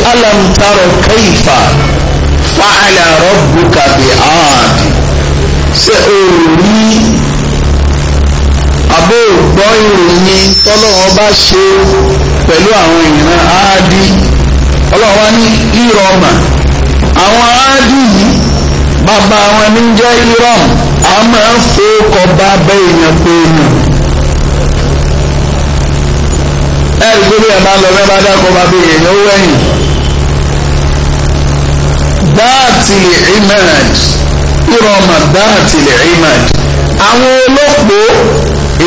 alam taro kaifa fa'ala rabbuka bi aad ṣé o rí abó gbọ́ ìròyìn tọ́lọ́wọ́ bá ṣe pẹ̀lú àwọn ìran áádì ọlọ́wọ́ ní ìrọ̀mà àwọn áádì yìí bàbá wọn ní jẹ́ ìrọ̀mù a máa ń fowókọ̀ bá bẹ́ èèyàn pé èèyàn. ẹ̀rí gbogbo ẹ̀ máa ń lọ bẹ́ẹ̀ bá dákọ̀ bá bí èèyàn wẹ̀yìn. dáàtì lè imad ìrọ̀mà dáàtì lè imad àwọn olóòpó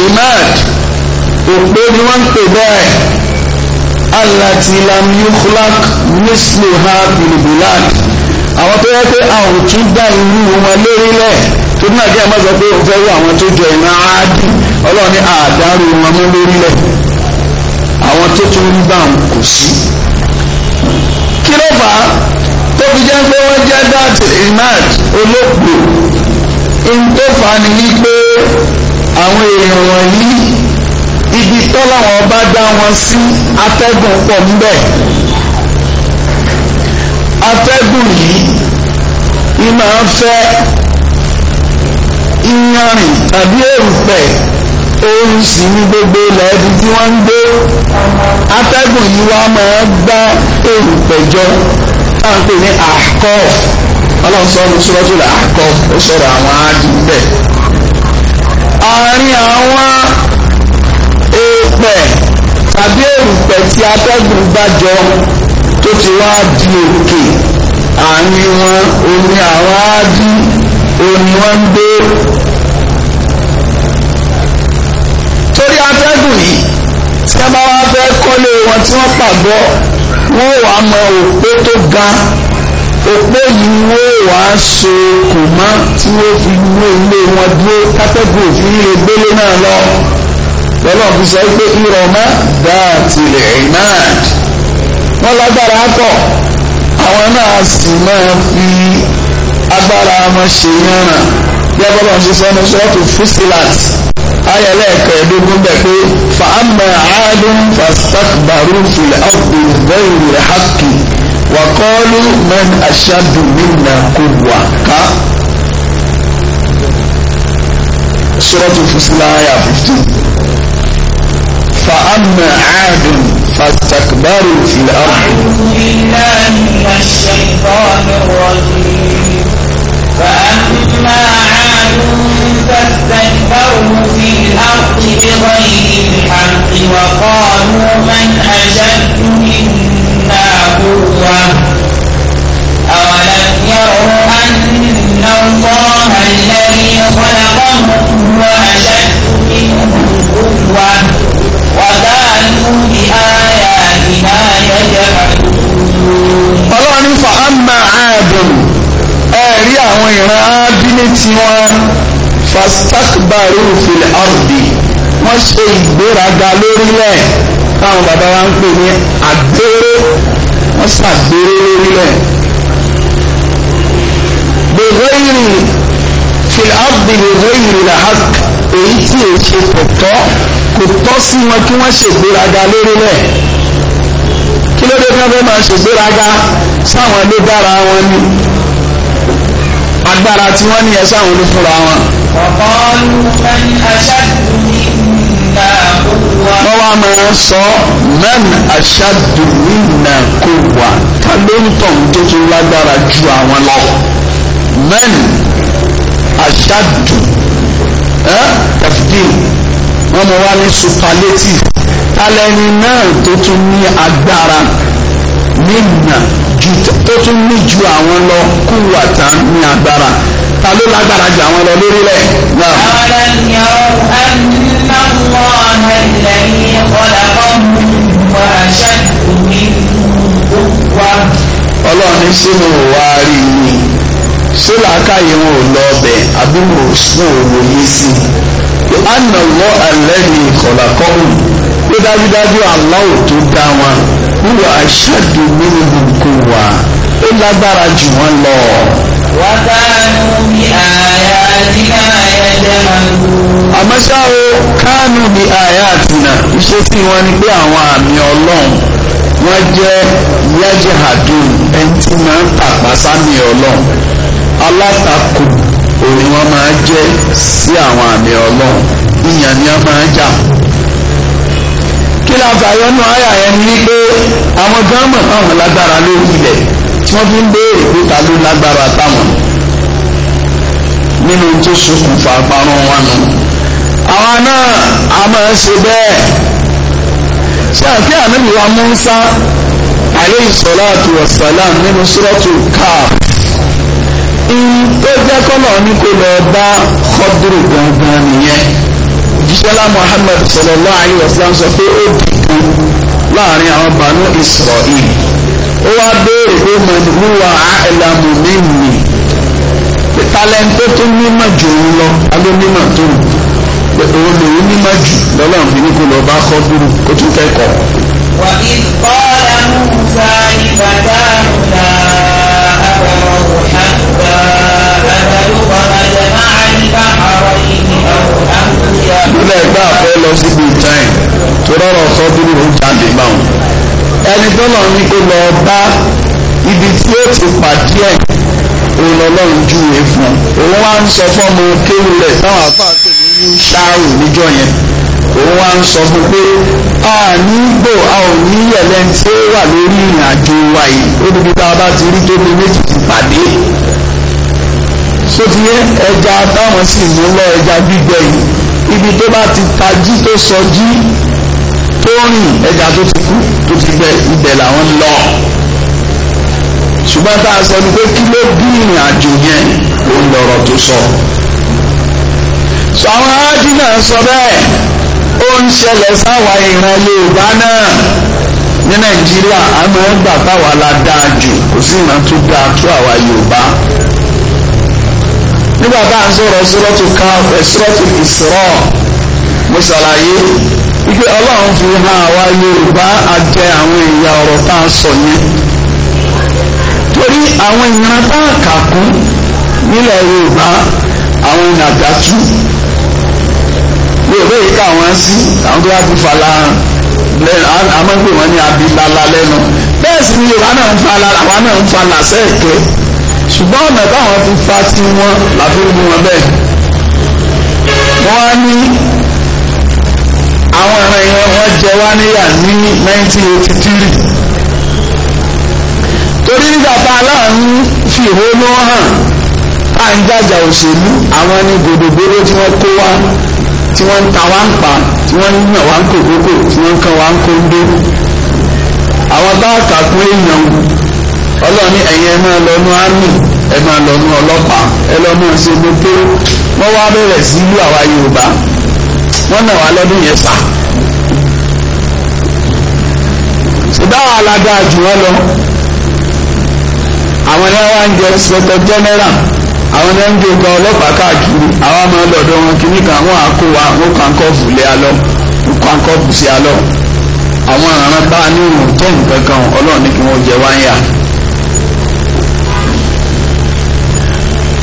imad òpó ni wọ́n ń pè bẹ́ẹ̀ alati lam yukhlaq misluha bil àwọn tó yẹ pé àwọn tún dá irú wọn lórílẹ̀ tó ní àdéhùn mọ́tò pé ó fẹ́ wọ àwọn tó jọ ìran áádì ọlọ́run ní wọn mú lórílẹ̀ àwọn tó tún rí bá wọn kò sí. kí ló fà á tó fi jẹ́ pé wọ́n jẹ́ dáàtì imad olóògbé ohun tó fà á ni wípé àwọn èèyàn wọ̀nyí ibi tọ́láwọn bá dá wọn sí atẹ́gùn pọ̀ ńbẹ̀ atẹ́gùn yìí ni máa fẹ́ iyanrìn tàbí èrùpẹ̀ oorun sì ní gbogbo ilẹ̀ ẹbí tí wọ́n ń gbé atẹ́gùn yìí wá máa gbá èrò pẹ̀jọ tá à ń pè ní àkọ́f ọlọ́run sọ ní sọ́jọ́ rẹ̀ àkọ́f ó sọ̀rọ̀ àwọn áádì bẹ́ẹ̀. àárín àwọn èèpẹ̀ tàbí èrùpẹ̀ tí atẹ́gùn gbàjọ tó ti wá di òkè àárín wọn omi àwọn áádì omi wọn ń gbé. atẹ́gùn yìí tí wọ́n bá wá fẹ́ kọ́lé wọn tí wọ́n pàgọ́ wọ́n wà á mọ òpó tó ga òpó yìí wọ́n wà á so kò mọ́ tí wọ́n fi wé ilé wọn dúró kátẹ́gùn òfin lè gbélé náà lọ lọ́lọ́ fi sọ pé ìrọ̀mọ́ dáàtì lè náà wọ́n lágbára pọ̀ àwọn náà sì máa fi agbára wọn ṣe yànnà bí abọ́lá ń ṣe sọ́nà sọ́ọ̀tù fúsílàtì. آية لا يكادون بكي فأما عاد فاستكبروا في الأرض بغير حق وقالوا من أشد منا قوة سورة الفصل آية 15 فأما عاد فاستكبروا في الأرض أعوذ بالله من الشيطان الرجيم فأما عاد فاستكبروا في الأرض بغير الحق وقالوا من أشد منا قوة أولم يروا أن الله الذي خلقهم هو أشد منهم قوة وكانوا بآياتنا يجحدون. ọlọ́run ní fa ama aadùn ẹ̀rí bí ní tiwọn fastakbaru fil ardi wọ́n ṣe ìgbéraga lórílẹ̀ táwọn bàbá wa ń pè ní àgbéró wọ́n ṣàgbéró lórílẹ̀ bẹ̀rẹ̀yìn fil ardi bẹ̀rẹ̀yìn làhàk èyí tí èyí ṣe kò tọ́ kò tọ́ sí wọn kí wọ́n ṣègbéraga lórílẹ̀ kí ló dé tí wọ́n fẹ́ máa ṣègbéraga sáwọn ló dára wọn ni agbára tí wọ́n ní ẹ sáwọn olùfúnra wọn. wọ́n wá máa sọ mẹ́rin aṣáàdùnmí náà kò wà ká ló ń tọ̀ tó tó lágbára ju àwọn lọ. mẹ́rin aṣáàdùn tafdil wọ́n mọ̀ wá ní superlative talẹ́ni náà tó tún ní agbára nínà ju tó tún ní ju àwọn lọ kú wàtá ní agbára ta ló lágbára ju àwọn lọ lórílẹ̀. ọ̀rẹ́ ni ọ̀rẹ́ nínú wọn ẹ̀lẹ́ yìí kọ́lá ọ̀hún wà ṣáàtú ní ọlọ́run ní sínú wa rí i ṣé làákàyè wọn ò lọ ọbẹ̀ àbí wọn òwò yìí sí i. anna lọ alẹ́ ni kọ̀lá kọ́hún pé dájúdájú Allah tó dá wọn wúwo ashaddu minhum quwwa ó lágbára jù wọ́n lọ. wa kanu bi ayatina yajhadun. àmọ́ ṣá o kanu bi ayatina ìṣesí wọn ni pé àwọn àmì ọlọ́run wọ́n jẹ́ yajhadun ẹni tí máa ń tàpá sámi ọlọ́run alátakò òun wọn máa jẹ́ sí àwọn àmì ọlọ́run ìyàn ni wọn jà kí la fàyọ nù àyà yẹn ni pé àwọn gánmọ̀ táwọn lágbára lórí ilẹ̀ tí wọ́n fi ń béèrè pé ta ló lágbára táwọn nínú tó ṣokùnfà parun wọn nù. àwa náà a máa ṣe bẹ́ẹ̀ ṣé àti ànábì wa Mùsá alayhi salatu wassalam nínú suratu Kahf tó jẹ́ ní kó lọ bá Khadru gangan nìyẹn jíṣẹ́lá Muhammad sallallahu alayhi wa sallam sọ pé ó láàrin àwọn Banu Israel ó wá béèrè pé mọ̀lúwà àìlàmù mímì tálẹ́ńtẹ́ tó mímọ̀ jù ń lọ alómímọ̀ tó ń òun lòun mímọ̀ jù lọ́lọ́run fi ní kó lọ bá kọ́ dúró kó tún kẹ́kọ̀ọ́. wà á kọ́ ọ́ la mú sáré bàdá àrùn náà. nílẹ̀ ìgbà fẹ́ lọ síbi ìjáìn tó rọrọ̀ sọ bí ó jáde báwọn ẹni tó lọ ní kó lọ bá ibi tí ó ti pàdé ẹ̀ olọ́lọ́run júwe fún òun wá ń sọ fọ́mọ kéwù rẹ̀ táwọn àfáà pè ní ṣáàrù níjọ́ yẹn òun wá ń sọ fún pé a ní gbò a ò ní yẹ̀lẹ́ tí ó wà lórí ìrìn àjò wa yìí ó níbi tá a bá ti rí tóbi méjì ti pàdé sóti yẹ ẹja táwọn sì mú lọ ẹja gbígbẹ yìí ibi tó bá ti tají tó sọjí tó rìn ẹja tó ti kú tó ti gbẹ ibẹ̀ làwọn lọ ṣùgbọ́n tá a sọ ni pé kí ló bí ìrìn àjò yẹn ló ń lọ́rọ̀ tó sọ. sọ àwọn aájú náà sọ bẹ́ẹ̀ ó ń ṣẹlẹ̀ sáwọn ìran Yorùbá náà ní Nàìjíríà àmọ́ ẹgbà táwa la dáa jù kò sí ìran tó dáa tó àwa Yorùbá nígbà tá à ń sọ̀rọ̀ sọ́rọ́tù káf sọ́rọ́tù ìsọ̀rọ̀ mo ṣàlàyé wípé ọlọ́run fi hàn àwa yorùbá àjẹ àwọn ìyá ọ̀rọ̀ tá a sọ yẹn torí àwọn ìran tá a kà kún nílẹ̀ yorùbá àwọn nàdájú yorùbá yìí kà wọ́n sí àwọn tó bá ti fàlà àmọ́ pé wọ́n ní abilala lẹ́nu bẹ́ẹ̀ sì ni yorùbá náà ń fàlà àwa náà ń fàlà sẹ́ẹ̀kẹ́ ṣùgbọ́n ọ̀nà táwọn ti fa sí wọn láti mú wọn bẹ́ẹ̀ wọ́n á ní àwọn ọ̀ràn yẹn wọ́n jẹ wá níyà ní 1983 torí nígbà tá a láàánú fi ìhónú hàn à ń jàjà òṣèlú àwọn ní gbòdògbòdò tí wọ́n kó wá tí wọ́n ń ta wá ń pa tí wọ́n ń yàn wá ń kòkókò tí wọ́n ń kan wá ń kóńdó àwọn bá kàkún èèyàn ọlọ́run ní ẹ̀yin ẹ máa lọ́nu army ẹ máa lọ́nu ọlọ́pàá ẹ lọ́nu ṣègbè wọ́n wá bẹ̀rẹ̀ sí ìlú àwa yorùbá wọ́n nà wá lọ́dún yẹn fà. ṣùgbọ́n alága jù wọ́n lọ àwọn ẹni wá ń jẹ sọtọ jẹnẹra àwọn ẹni ń gbẹgbẹ ọlọ́pàá káàkiri àwọn ọmọ ọlọ́dọ̀ wọn kìíní kan wọn àkó wa wọn kàn kọ́ọ̀fù lé alọ́ wọn kàn kọ́ọ̀fù sí alọ́ àwọn ọ̀ràn bá a ní ìrùn tó nǹkan kan ọlọ́run ní kí wọ́n jẹ wáyà.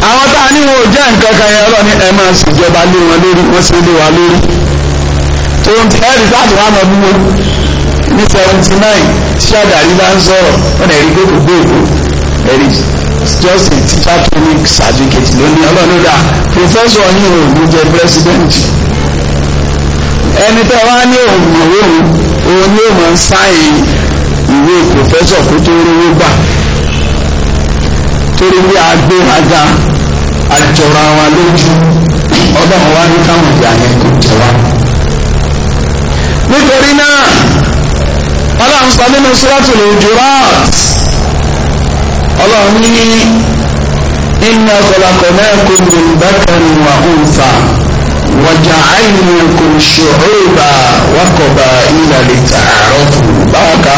àwọn tá a ní wọn ò jẹ́ nǹkan kan yẹn ọlọ́ni ẹ máa ṣèjọba lé wọn lórí wọ́n ṣe lé wa lórí tó ń ti ẹ́rì láti wá mọ̀ búwo ní seventy nine tí Shagari bá ń sọ̀rọ̀ wọn ẹ̀rí pé kò gbé èkó ẹ̀rí just a teacher training certificate lónìí ọlọ́ni dà professor yìí ò ní jẹ president ẹni tẹ́ wá ní òun ìwé òun òun ní òun sáyìn ìwé professor kó tó rówó gbà torí pé agbéraga àjọra wa lójú ọlọ́run wa ní káwọn ìyá yẹn kò jẹ wá. nítorí náà ọlọ́run sọ nínú suratul Hujurat ọlọ́run ní inna khalaqnakum min dhakarin wa untha wa ja'alnakum shu'uban wa qaba'ila lita'arafu báwa ká.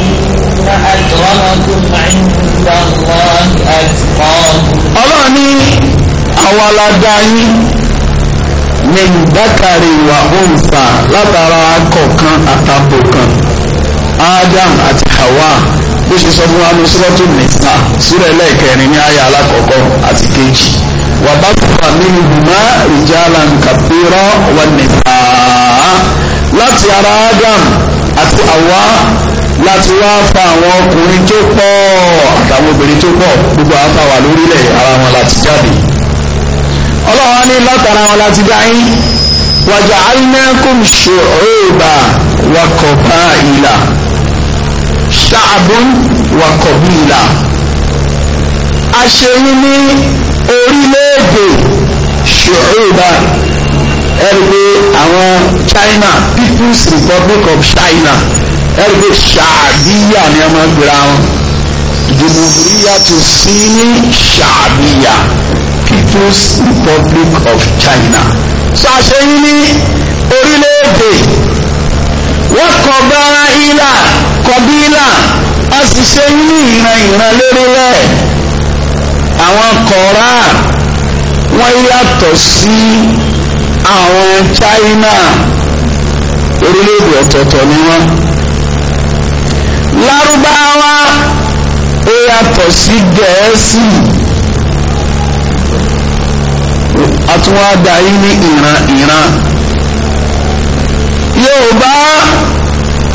inna akramakum 'inda ọlọ́run ní àwa la dá yín mẹ́lù dákàrí ìwà òǹsà látara akọ̀kan àtàbò kan Adam àti Hawa bó ṣe sọ fún wa ní sọ́tún nìta súrẹ̀ lẹ́ẹ̀kẹrin ní àyà alákọ̀ọ́kọ́ àti kejì wà bá fà nínú ìgbìmọ̀ ìjàlá nkàfẹ́rọ̀ wà nìta láti ara Adam àti Hawa láti wá fa àwọn ọkùnrin tó pọ̀ àtàwọn obìnrin tó pọ̀ gbogbo àwọn táwà lórílẹ̀ ara wọn láti jáde ọlọ́run ní látara wọn láti dá yín wàjà alinakum shu'uba wa qaba'ila sha'bun wa qabila a ṣe yín ní orílẹ̀-èdè shu'uba ẹ̀rí àwọn China People's Republic of China ẹ̀rí pé ṣàbíyà ni ẹ máa gbéra wọn jùmùbíríyà tó sí ní ṣàbíyà People's Republic of China ṣàṣeyí ní orílẹ̀-èdè wọ́n kọ bá ilà kọbílà a sì ṣe yí ní ìran ìran lérílẹ̀ àwọn kọ̀ọ̀rá wọ́n yàtọ̀ sí àwọn China orílẹ̀-èdè ọ̀tọ̀ọ̀tọ̀ ni wọ́n. lárúbáwá ó yàtọ̀ sí gẹ̀ẹ́sì àtúwádà yìí ní ìran ìran yorùbá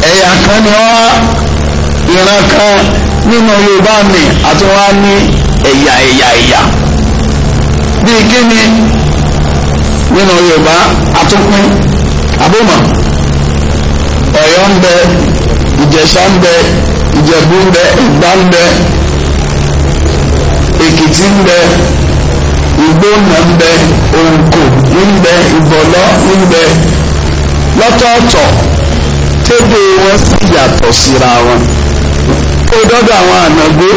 ẹ̀yà kan ni wá ìran kan nínú yorùbá mi àtúwá ní ẹ̀yà ẹ̀yà ẹ̀yà bíi ni, nínú yorùbá àtúpín abómọ ọ̀yọ́ ń bẹ ìjẹ̀ṣà ń bẹ ìjẹ̀bú ń bẹ ìgbá ń bẹ èkìtì ń bẹ ìgbóná ń bẹ òǹkò ń bẹ ìbọ̀lọ́ ń bẹ lọ́tọ̀ọ̀tọ̀ tébè wọn sì yàtọ̀ síra wọn kó dọ́dọ̀ àwọn ànágbó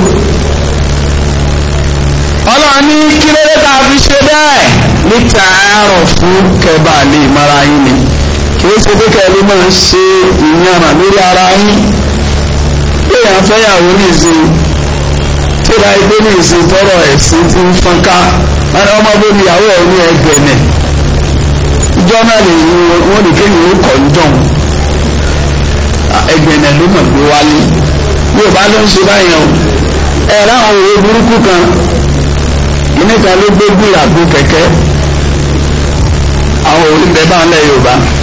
ọlọ́ọ̀ni kí lóde tá a fi ṣe bẹ́ẹ̀ níta àárọ̀ fún kẹbà lè mara yín ni kìí ṣe pé kẹ́lí máa ṣe ìyànà lórí ara yín léèyàn fẹ́yàwó nìsín tí ra ẹgbẹ́ nìsín tọrọ ẹ̀sìn ti ń fọ́nká wọn ọmọ bóbi ìyàwó ẹ̀ ní ẹgbẹ̀nẹ̀ ìjọ náà lè ní wọn ní kéèyàn ló kọ̀ ń dọ̀hún ẹgbẹ̀nẹ̀ ló mọ̀ gbé wálé yóò bá ló ń ṣe báyẹn o ẹ ráwọn òwe burúkú kan ìníkan ló gbé gbìyàgbó kẹ̀kẹ́ àwọn òwe ń bẹ báwọn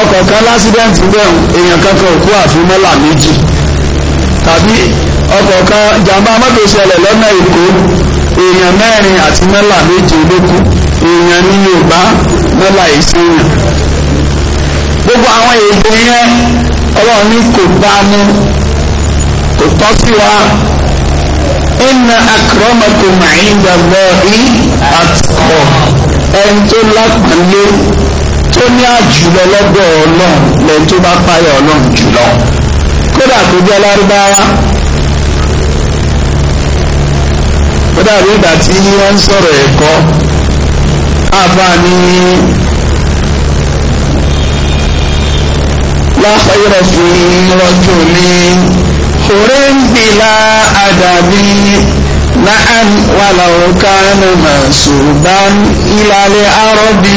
ọkọ̀ kan lásìdẹ́ǹtì bẹ́ẹ̀ èèyàn kankan òkú àfi mọ́là méjì tàbí ọkọ̀ kan jàmbá mọ́tò ṣẹlẹ̀ lọ́nà èkó èèyàn mẹ́rin àti mọ́là méje ló kú èèyàn ní yorùbá mọ́là ìṣẹ́yàn gbogbo àwọn èdè yẹn ọlọ́run ní kò bá mú kò tọ́ sí wa inna akramakum inda Allahi àtọ̀ ẹni tó lápàlẹ́ tó ní àjùlọ lọ́dọ̀ ọlọ́run lẹ́yìn tó bá páyà ọlọ́run jùlọ kódà tó jẹ́ lárúbáwá kódà bí ìgbà tí wọ́n ń sọ̀rọ̀ ẹ̀kọ́ àfààní láfẹ́rọ̀ fún rọ́jò ní kòrèǹbìlà àdàbí náà wà láwọn kánú màṣùbá ìlàlẹ̀ àrọ́bí.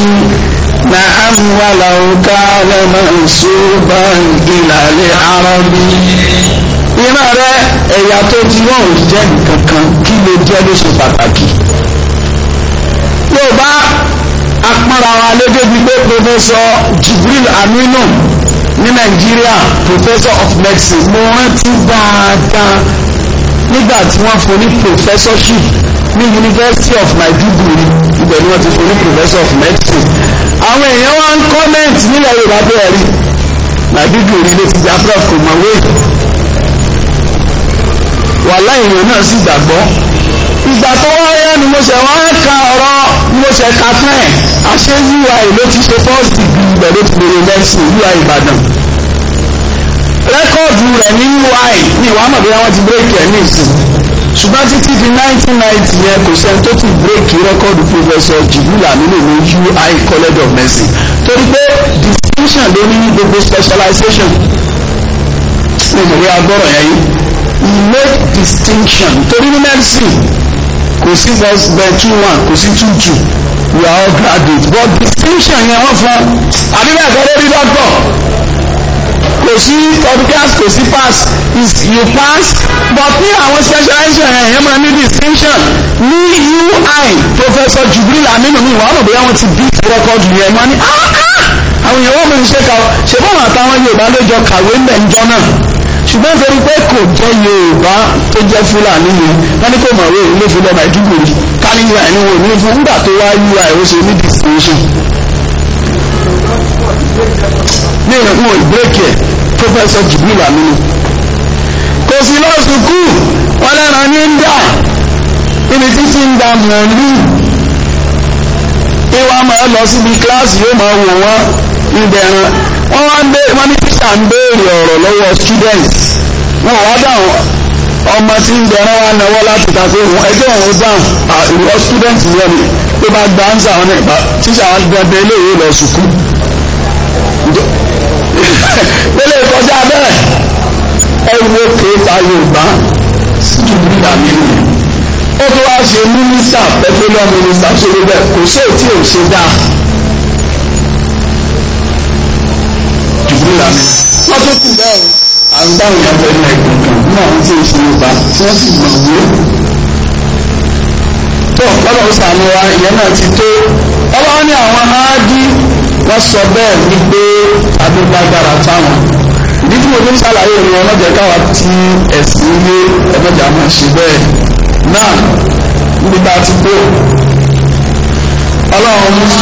نعم ولو كان منسوبا إلى العرب iná rẹ ẹ̀yà tó ti wọ́n ò jẹ́ kankan kí ló jẹ́ ló ṣe pàtàkì yóò bá apára wa lójoojú pé pòfẹ́sọ Jibril Aminu ní Nàìjíríà professor of medicine mo rántí dáadáa nígbà tí wọ́n fún ní professorship ní University of my degree, ibẹ̀ ni wọ́n ti fún ní Professor of Medicine àwọn èèyàn wá ń comment nílẹ̀ Yorùbá bẹ́ẹ̀ rí Maiduguri ló ti gba prof kò mọ̀ wéyìí wàhálà èèyàn náà sì gbàgbọ́ ìgbà tó wáyé ni mo ṣe wá ka ọ̀rọ̀ mo ṣe ka fún ẹ̀ àṣé UI ló ti ṣe fọ́ọ̀sì bí ibẹ̀ ló ti bèrè mẹ́sìn UI Ìbàdàn rẹ́kọ̀dù rẹ̀ ní UI ni ìwà mọ̀ bí wọ́n ti bírèkì ẹ̀ ní ìsìn ṣùgbọ́n títí di nineteen ninety yẹn kò sẹ́ni tó ti bírèkì rẹ́kọ́ọ̀dù pọfẹsọ jìbìlà nínú ìlú UI College of Medicine torí pé distinction ló ní gbogbo specialization ìmọ̀wé agbọ́rọ̀ yẹn yìí we make distinction torí ní medicine kò sí first bed two one kò sí two two we are all graduates. but distinction yẹn wọ́n fún àbí bẹ́ẹ̀ kọ́ lórí doctor kò sí podcast kò sí pass is you pass but ní àwọn specialization eh, ẹ̀yẹ́ máa ní distinction ní UI Professor Jubril Aminu mi wàá mọ̀ bóyá wọ́n ti beat record yẹn wọ́n ní ah, ah! àwọn èèyàn wọ́n mi ń ṣe kà ṣe fún àwọn àtàwọn Yorùbá ló jọ kàwé ń bẹ̀ ń jọ náà ṣùgbọ́n torí pé kò jẹ́ Yorùbá tó jẹ́ Fúlàní yẹn wọ́n ní kò mọ̀wé òun ló fi lọ Maiduguri kálíńgbà ẹni wo ní fún nígbà tó wá UI ó ṣe ní distinction ní ìrẹ̀kùn ìbírèkì ẹ̀ pọ́fẹ́sọ̀ jìbìlà nínú kò sí lọ sùkú wọn lẹ́ran ní ń dà níbi títí ń da mọ̀ọ́lù ìwà máa lọ síbi kíláàsì yóò máa wò wọ́n níbẹ̀ ẹran wọ́n wá ń béèrè wọ́n ní títà ń béèrè ọ̀rọ̀ lọ́wọ́ students wọn ò wá dáhùn ọmọ tí ń bẹ̀rẹ̀ wá náwó láti ta pé wọn ẹjọ́ òun dáhùn ìwọ students yẹn ni tó bá gba answer wọn nípa tíṣà wọn gbẹgbẹ eléyìí lọ sùkúù pélé kọjá bẹ́ẹ̀ ẹ wo kéèta yorùbá síbi nígbà mímu ó tó wá ṣe mínísà pẹtrọlọ mínísà ṣe ló bẹ́ẹ̀ kò ṣe tí ò ṣe dáa jùbúlà mi wọn tó kù bẹ́ẹ̀ o àrùn báwọn yàtọ̀ ẹnu ẹ̀gbọ̀n kan náà ń tí ì ṣe yorùbá tí wọ́n sì mọ̀ wọ́n tó ọ̀pọ̀lọ̀ ń sàánú wa ìyẹn náà ti tó ọlọ́wọ́ ní àwọn áádí wọ́n sọ bẹ́ẹ̀ wípé adúgbàgbára táwọn nítorí omi ń ṣàlàyé ìrìn ọlọ́jẹ káwa ti ẹ̀sìn ilé ọlọ́jà máa ṣe bẹ́ẹ̀ náà níbi tá a ti tó ọlọ́run mú.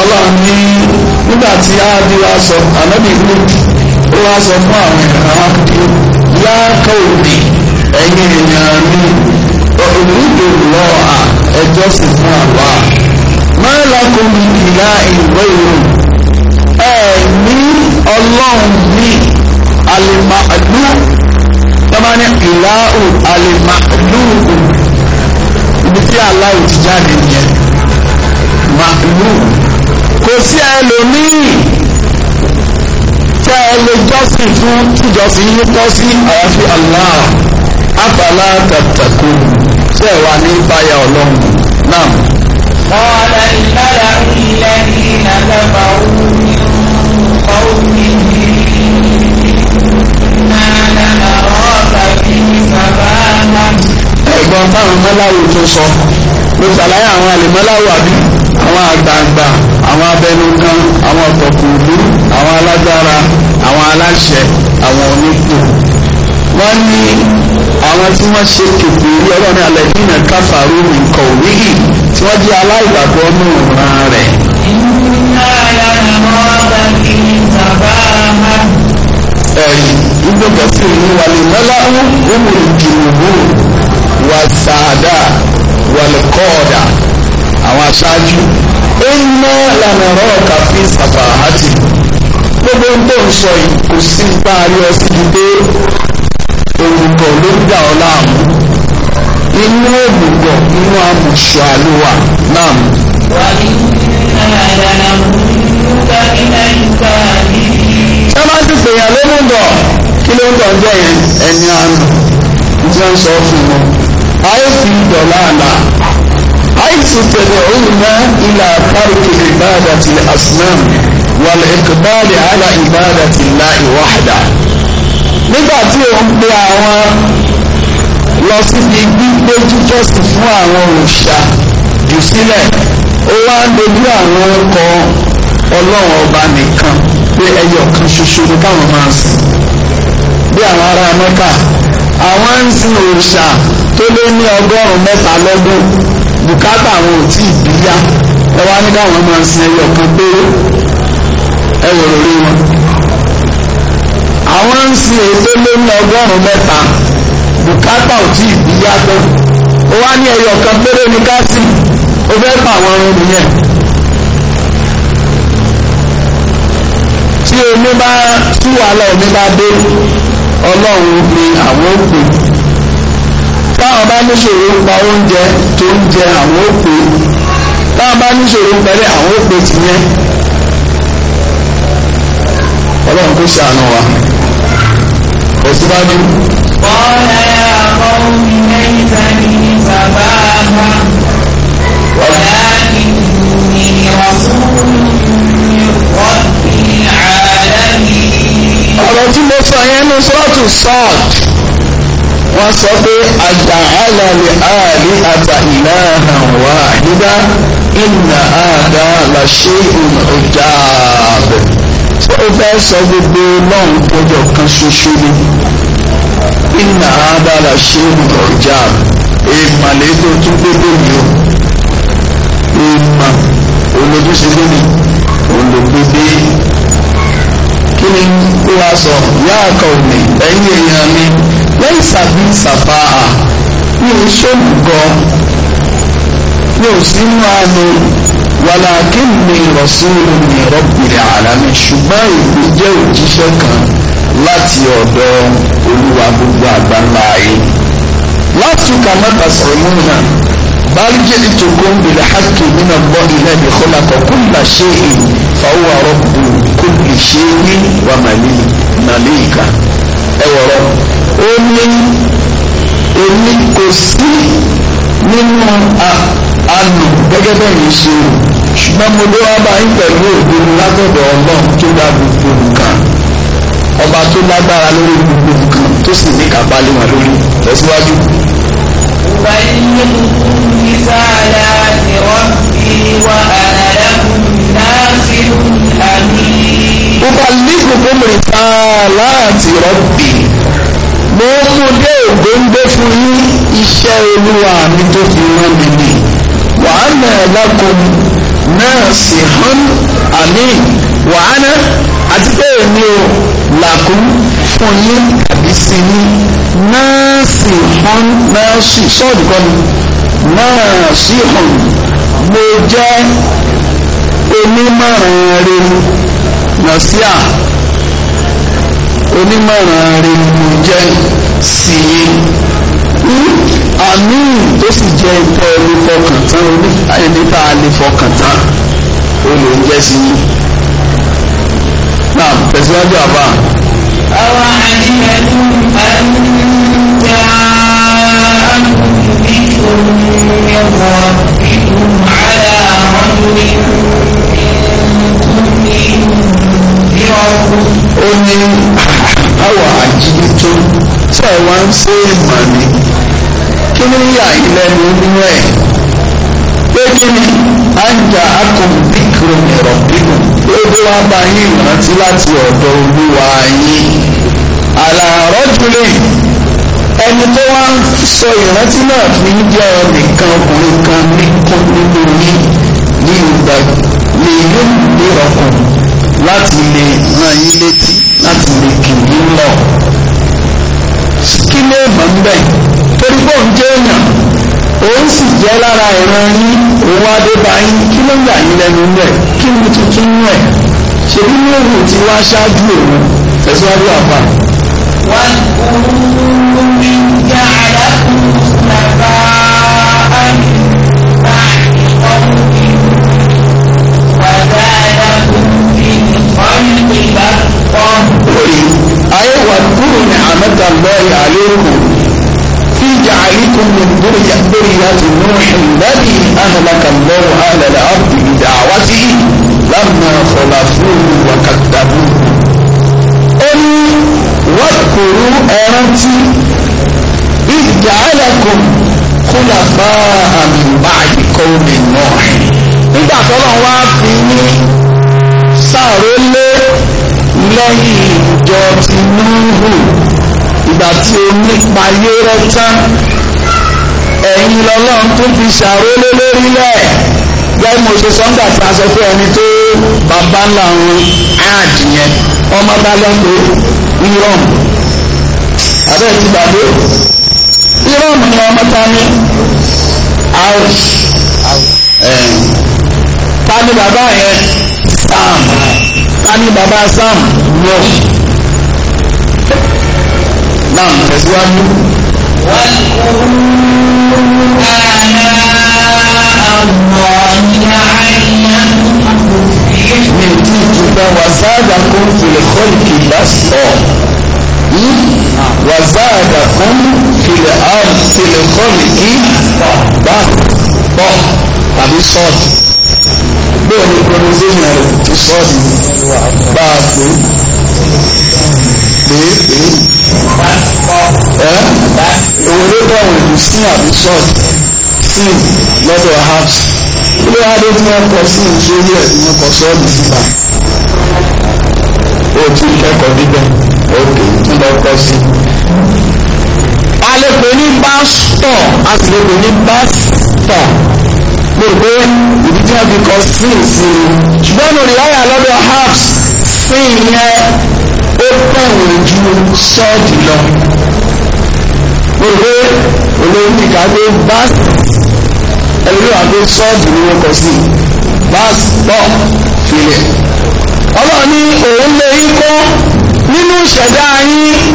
ọlọ́run ní nígbà tí áádí wa sọ ànábì lókè ó wá sọ fún àwọn ìran áádí yáàkà òbí ẹ̀yìn èèyàn mi òbúdò lọ́ọ̀à ẹjọ́ sì fún àwa máa lákò mi ìlà ìwé ìrùn ẹ̀ ní ọlọ́run mi alìmàlú tọ́ba ní ìlà alìmàlú ibi tí aláwọ̀ ti jáde nìyẹn màlú kò sí ẹlòmíì tẹ́ ẹ lè jọ́sìn fún tíjọsìn yín tọ́ sí àyàfi Allah àfàlà tàtàkù tí ẹ wà ní báyà ọlọ́run náà. قال الملأ الذين كفروا من قومه ما نراك في سفاهة. ẹ̀gbọ́n táwọn mọ́láwù tó sọ ló ṣàlàyé àwọn àlè mọ́láwù àbí àwọn àgbààgbà àwọn abẹnugan àwọn ọ̀pọ̀kùnlú àwọn alágbára àwọn aláṣẹ àwọn onípò wọ́n ní àwọn tí wọ́n ṣe kèfè orí ọlọ́run alẹ́dínà káfàrú nǹkan òwúyì tí wọ́n jẹ́ aláìgbàgbọ́ ní òran rẹ̀. ẹ̀rí gbígbẹ́gbẹ́ sí ìlú wàlẹ̀ mọ́láhùn ó mú ìdìbò wà sáadà wàlẹ̀ kọ́ọ̀dà àwọn aṣáájú iná lànàrọ kàfin sàfàhátì gbogbo ń tó ń sọ yìí kò sí bá a yọ síbi pé òrùkọ ló gbà ọ láàmú inú òrùkọ inú amùsù àlùwà náà. wà á ní àyàlà múlùkà iná ìgbà mi. ṣé máa ti pèyàn ló ń bọ̀ kí ló ń bọ̀ jẹ́ yẹn ẹni àná ìjọ ń sọ fún wọn. a yóò fi dọ̀là àná. حيث تدعونا إلى ترك عبادة الأصنام والإقبال على عبادة الله وحده nígbà tí ó ń pe àwọn lọ síbi gbígbé jíjọ́sìn fún àwọn òòṣà jù sílẹ̀ ó wá ń dojú àwọn ọkọ̀ ọlọ́run ọba nìkan pé ẹyọ kan ṣoṣo ni káwọn máa sìn bí àwọn ará mẹ́ta àwọn ń sin òòṣà tó lé ní ọgọ́rùn-ún mẹ́ta lọ́dún bùkátà àwọn ò tí ì bí yá ẹ wá ní káwọn máa sin ẹyọ kan péré ẹ wò lórí wọn. àwọn ń sin ètò lé ní ọgọ́rùn-ún mẹ́ta bùkátà ò tí ì bí yá tó ó wá ní ẹyọ kan péré ní káàsì ó fẹ́ pa àwọn ohun yẹn. tí omi bá tú wàhálà omi bá dé ọlọ́run ni àwọn ò pè táwọn bá níṣòro ń pa oúnjẹ tó ń jẹ àwọn òpè táwọn bá níṣòro ń pẹ̀lẹ́ àwọn òpè tìyẹn ọlọ́run kò ṣàánú wa òsínbájú. bọ́lá àkọ́ omi mẹ́ta ní bàbá àbá wọ́lá ní ọ̀rọ̀ tí mo sọ yẹn ní sọ́ọ̀tù sọ́ọ̀tù wọ́n sọ pé àjàhálà lè ààrí àtà ìlànà wà nígbà ìnà àdá làṣẹ ìnà ọjà ààbẹ. ṣé o fẹ́ sọ gbogbo lọ́hùn gbọ́dọ̀ kan ṣoṣo ni ìnà àdá làṣẹ ìnà ọjà ààbẹ èèmàlẹ́ tó tún gbogbo yìí o èèmà olójúṣe lónìí olùgbèdè kí ni kó wa sọ yáàkọ̀ mi ẹ̀yìn èèyàn mi lẹ́yìn sàbí sàbá mi ò ṣòmùgọ́ mi ò sí máa lo wàlàkì mi rọ̀sùlù mi rọ̀bìrì àlámì ṣùgbọ́n èmi jẹ́ òjíṣẹ́ kan láti ọ̀dọ̀ olúwa gbogbo àgbáńlá ayé láti kàmá pàṣẹ múnà báríjẹ́ ìtòkùn bèrè hákì nínú ọgbọ́n ilẹ̀ ìkọlà kọ̀ọ̀kùn làṣẹ́ èyí fàwọn àrọ̀kùn kò lè ṣe é ní wàmàlì màlẹ́yìká ẹ̀wọ̀rọ̀ ó ní èmi kò sí nínú àánú gẹ́gẹ́ bẹ́ẹ̀ ṣe ṣùgbọ́n mo dé wá bá yín pẹ̀lú òdodo látọ̀dọ̀ ọlọ́run tó dá gbogbo nǹkan ọba tó lágbára lórí gbogbo nǹkan tó sì ní kápá lé wọn lórí tẹ̀síwájú. وَإِنَّكُمْ لِسَعَيَاتِ رَبِّي وَأَنَا لَكُمْ نَاصِرٌ ìbálòpọ̀ mi ta láti rọ́bì mo mú dé ògbóngbé fún yín iṣẹ́ olúwa mi tó fi rán mi ni wàhánà lakum náà sì hàn àmì wàhánà àti pé èmi ò làkún fún yín tàbí sí náà sì hàn náà sì sọ́ọ̀dù kan náà sì hàn mo jẹ́ onímọ̀ràn rẹ̀ nọ̀síà onímọ̀ràn rẹ̀ ló jẹ́ sí i àmì tó sì jẹ́ ìtọ́ ẹni fọkàn tán ẹni tá a lè fọkàn tán ó lè jẹ́ sí i. náà tẹ̀síwájú àbá. àwọn àjíyẹ tó ń ń já àkùnrin omi ẹ̀wọ̀ ìlú àdá àwọn ìlú tó ní ìlú ó ní àwọ̀ àjíjító tí àwa ń ṣe ìmọ̀ ni kí ni yà ìlẹ́nu nínú ẹ̀ pé kí ni àjà akọ̀bíkìrò mẹ̀rọ̀ bínú pé ó wá bá yín ìrántí láti ọ̀dọ̀ olúwa yín àlàrọ́júlẹ̀ ẹni tó wá ń sọ ìrántí náà fún jẹ́ ẹnìkan ọkùnrin kan nínú yín ní ìgbà lè yóò gbé ọkùnrin láti lè ràn yín létí láti lè kì í lọ. kí ló mọ̀ ń bẹ̀ torí pé òun jẹ́ èèyàn òun sì jẹ́ lára ìran yín òun adébáyín kí ló ń gbà yín lẹ́nu rẹ̀ kí ni tuntun rẹ̀ ṣe bí lóòrù tí wá ṣáájú òun tẹ̀síwájú àbá. wọ́n kúrú ní yàrá. ìgbà kan. lórí ayé wà kúrò ní àmẹ́ta lọ́ọ̀yà àlékún tí ìjà àlékún ní lórí lórí láti mú ìgbàdí ahàlàkà lọ́wọ́ àlẹ́lẹ́ àbùkù ìdá wá sí lámà fọlá fún wàkàtàbù. ó ní wọ́n kúrú ẹran tí ìjà àlékún kúlà fáà àmì báyìí kọ́ mi náà nígbà tọ́lọ́ wá fi ní sáré lé lẹ́yìn ìjọ ti núhù ìgbà tí omi payé rẹ́ tán ẹ̀yin lọ́lọ́run tó fi ṣàrólé lórílẹ̀ gẹ́gẹ́ mo ṣe sọ́ńdà tí a sọ pé ẹni tó bàbá ńlá òun áàdì yẹn ọmọ bá lọ́pọ̀ ìrọ̀mù abẹ́ ti gbàgbé ìrọ̀mù ni ọmọ ta ní áùs ẹ̀ ta ni bàbá yẹn sáàmù ta ni bàbá sam lọ náà tẹ̀síwájú. wọ́n kú àná àwọn ìyá àyà mi ti jùlọ sọ bẹ́ẹ̀ ni pronunciation rẹ̀ ti sọ ọ́ di bá a pè é pè é ẹ́ òun ló bá òun ìlú sin àbí short sin lọ́dọ̀ herbs ilé adé tí wọ́n kọ sí ìṣòro ẹ̀ ni wọ́n kọ sọ́ọ̀dù síta ó ti kẹ́kọ̀ọ́ níbẹ̀ ó kè é kí lọ́ọ́ kọ́ sí a lè pè ní pásítọ̀ a sì lè pè ní pásítọ̀ mo rò pé ìdí tí wọ́n fi kọ sin sí i ṣùgbọ́n mo rí àyà lọ́dọ̀ herbs sin yẹn ó tẹ̀wọ̀n ju sọ́ọ̀dì lọ mo rò pé olórí ìkàgbé báàsì ẹlòmíràn àgbé sọ́ọ̀dì ni wọ́n kọ sí báàsì pọ̀ filẹ̀ ọlọ́run ní òun lè yí kọ́ nínú ìṣẹ̀dá yín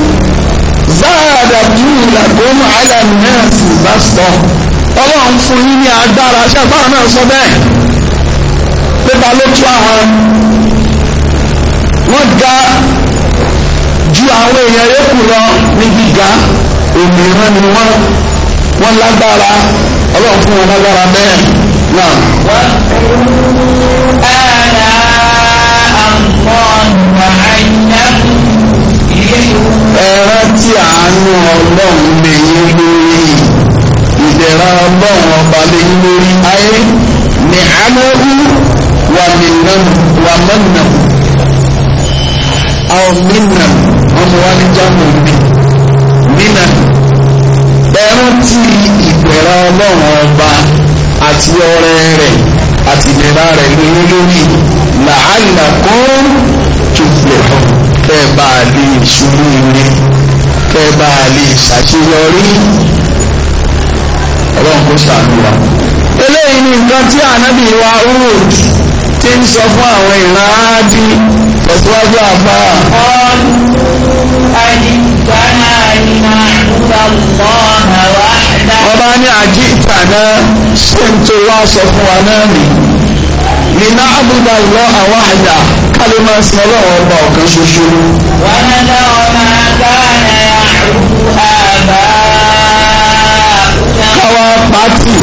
záàdà bíi ìlàgbọ́n àlàmì náà sì bá sọ ọlọ́run fún yín ní agbára ṣé àgbára náà sọ bẹ́ẹ̀ pépà ló tú àwọn wọ́n ga ju àwọn èèyàn yòókù lọ ní gíga òmìnira ni wọ́n wọ́n lágbára ọlọ́run fún wọn lágbára bẹ́ẹ̀ náà. ẹ̀rọ tí àánú ọlọ́run lè yé lórí ìdẹ̀ra ọlọ́run ọba lé lórí ayé ní amẹ́rú wà mìíràn wà mọ́nà àwọn mìíràn wọn mú wá ní jámù mi mìíràn ẹran tí ìdẹ̀ra ọlọ́run ọba àti ọrẹ rẹ̀ àti ìdẹ̀ra rẹ̀ lórí lórí làálàá kan tó fi ẹ̀kọ́ bá a lè ṣubú ilé bẹ́ẹ̀ bá a lè ṣàṣeyọrí ọlọ́run kò ṣàánú wa. eléyìí ni nǹkan tí ànábì wa Hud ti ń sọ fún àwọn ìran áádì lọ́síwájú àbá. wọ́n àdìgbàna ìmọ̀ àgbà lọ́nà wá dá. wọ́n bá ní àjíǹkà náà ṣé ń tó wá sọ fún wa náà nì. nínú àbúdá lọ àwọn àjà kálí máa sin ọlọ́run ọba ọ̀kan ṣoṣo. wọ́n náà dáwọ́ máa ẹ̀ àrùkù á wa pàtì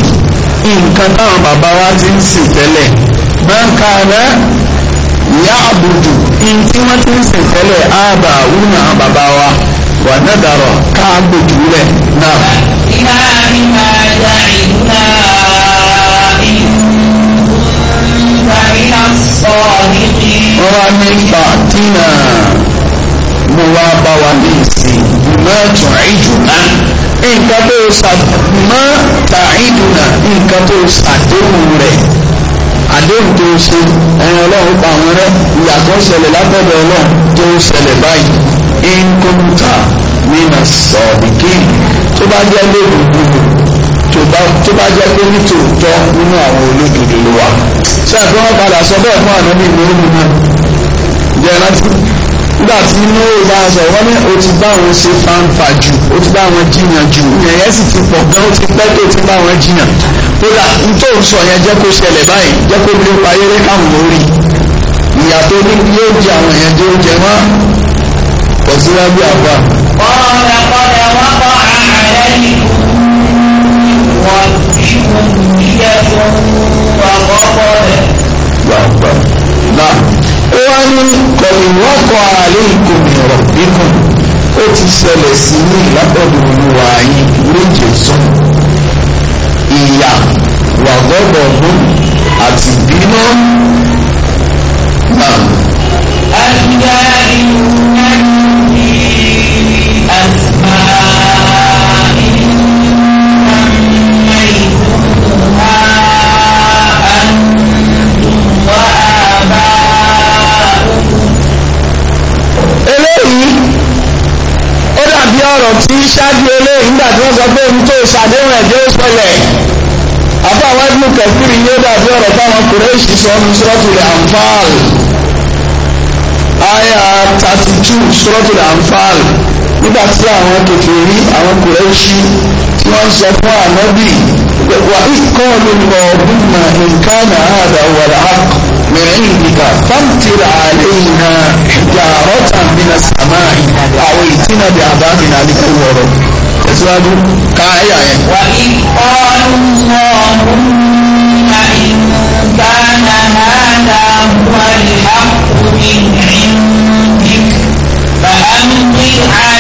nǹkan táwọn bàbá wa ti ń sìn tẹ́lẹ̀ máa ń ka rẹ̀ ìyá àbùdù in wọ́n ti ń sìn tẹ́lẹ̀ ààbà wúnà bàbá wa wà nádàrọ̀ ká gbòjú rẹ̀ náà. ìhà mi máa dá ìlú náà ìgbàlá sọ níbi. wọ́n wá ní pàtínà mo wá bá wa ní ìsìn máa tún àìjùmá nǹkan tó sàmọ́ tàìdùnà nǹkan tó sàdéhùn rẹ̀ àdéhùn tó ṣe ẹ̀yìn ọlọ́run pa àwọn rẹ̀ ìyà tó ṣẹlẹ̀ látọ̀dọ̀ ọlọ́run tó ṣẹlẹ̀ báyìí nkúntà nínà sọ̀dìkì tó bá jẹ́ lóògùn tó bá jẹ́ pé nítòótọ́ nínú àwọn olódodo ló ṣé àgbọ̀n padà sọ bẹ́ẹ̀ fún àná ní ìlú òmìnira jẹ́ rántí nígbà tí Nóò bá sọ wọ́n ní o ti bá wọn ṣe fanfa jù o ti bá wọn jiyàn jù ìyẹn yẹn sì ti pọ̀ gan o ti pẹ́ tó o ti bá wọn jiyàn kódà nítorí òun sọ yẹn jẹ́ kó ṣẹlẹ̀ báyìí jẹ́ kó lè pa ayé káwọn lórí ìyá tó ní yóò jẹ àwọn yẹn tó jẹ wọn kò sí wá àgbà. kọ́ńtà kọ́ńtà wọ́n kọ́ àárẹ̀ yìí wọ́n ti kú ìyẹ́fun wà kọ́kọ́ rẹ̀ náà ó wá ní kọ̀lìwọ́kọ̀ àlẹ́ ìkòmì ọ̀rọ̀ bíkùn ó ti ṣẹlẹ̀ sí ní ìlápọ̀dọ̀ olúwa yín méje sùn ìyà wàgọ́bọ̀ọ̀dún àti bínú náà. àgbà ìwúrẹ́. ọ̀rọ̀ tí ṣáájú eléyìí nígbà tí wọ́n sọ pé ohun tó ṣàdéhùn ẹ̀jẹ̀ ó ṣẹlẹ̀ àbá àwọn ẹgbẹ́ kẹfìrì yóò dàbí ọ̀rọ̀ táwọn kùrẹ́ẹ̀ṣì sọ ní sọ́tùlẹ̀ àǹfààl àyà thirty two sọ́tùlẹ̀ àǹfààl nígbà tí àwọn kẹfìrì àwọn kùrẹ́ẹ̀ṣì tí wọ́n sọ fún ànábì wà ìkọ́ ló lọ bí mà àdàwọ̀ àkọ́. من عندك فامطر علينا حجارة من السماء أو ائتنا بعذاب أليم ورد تسواجو كاية وإذ قالوا اللهم إن كان هذا هو الحق من عندك فأمطر علينا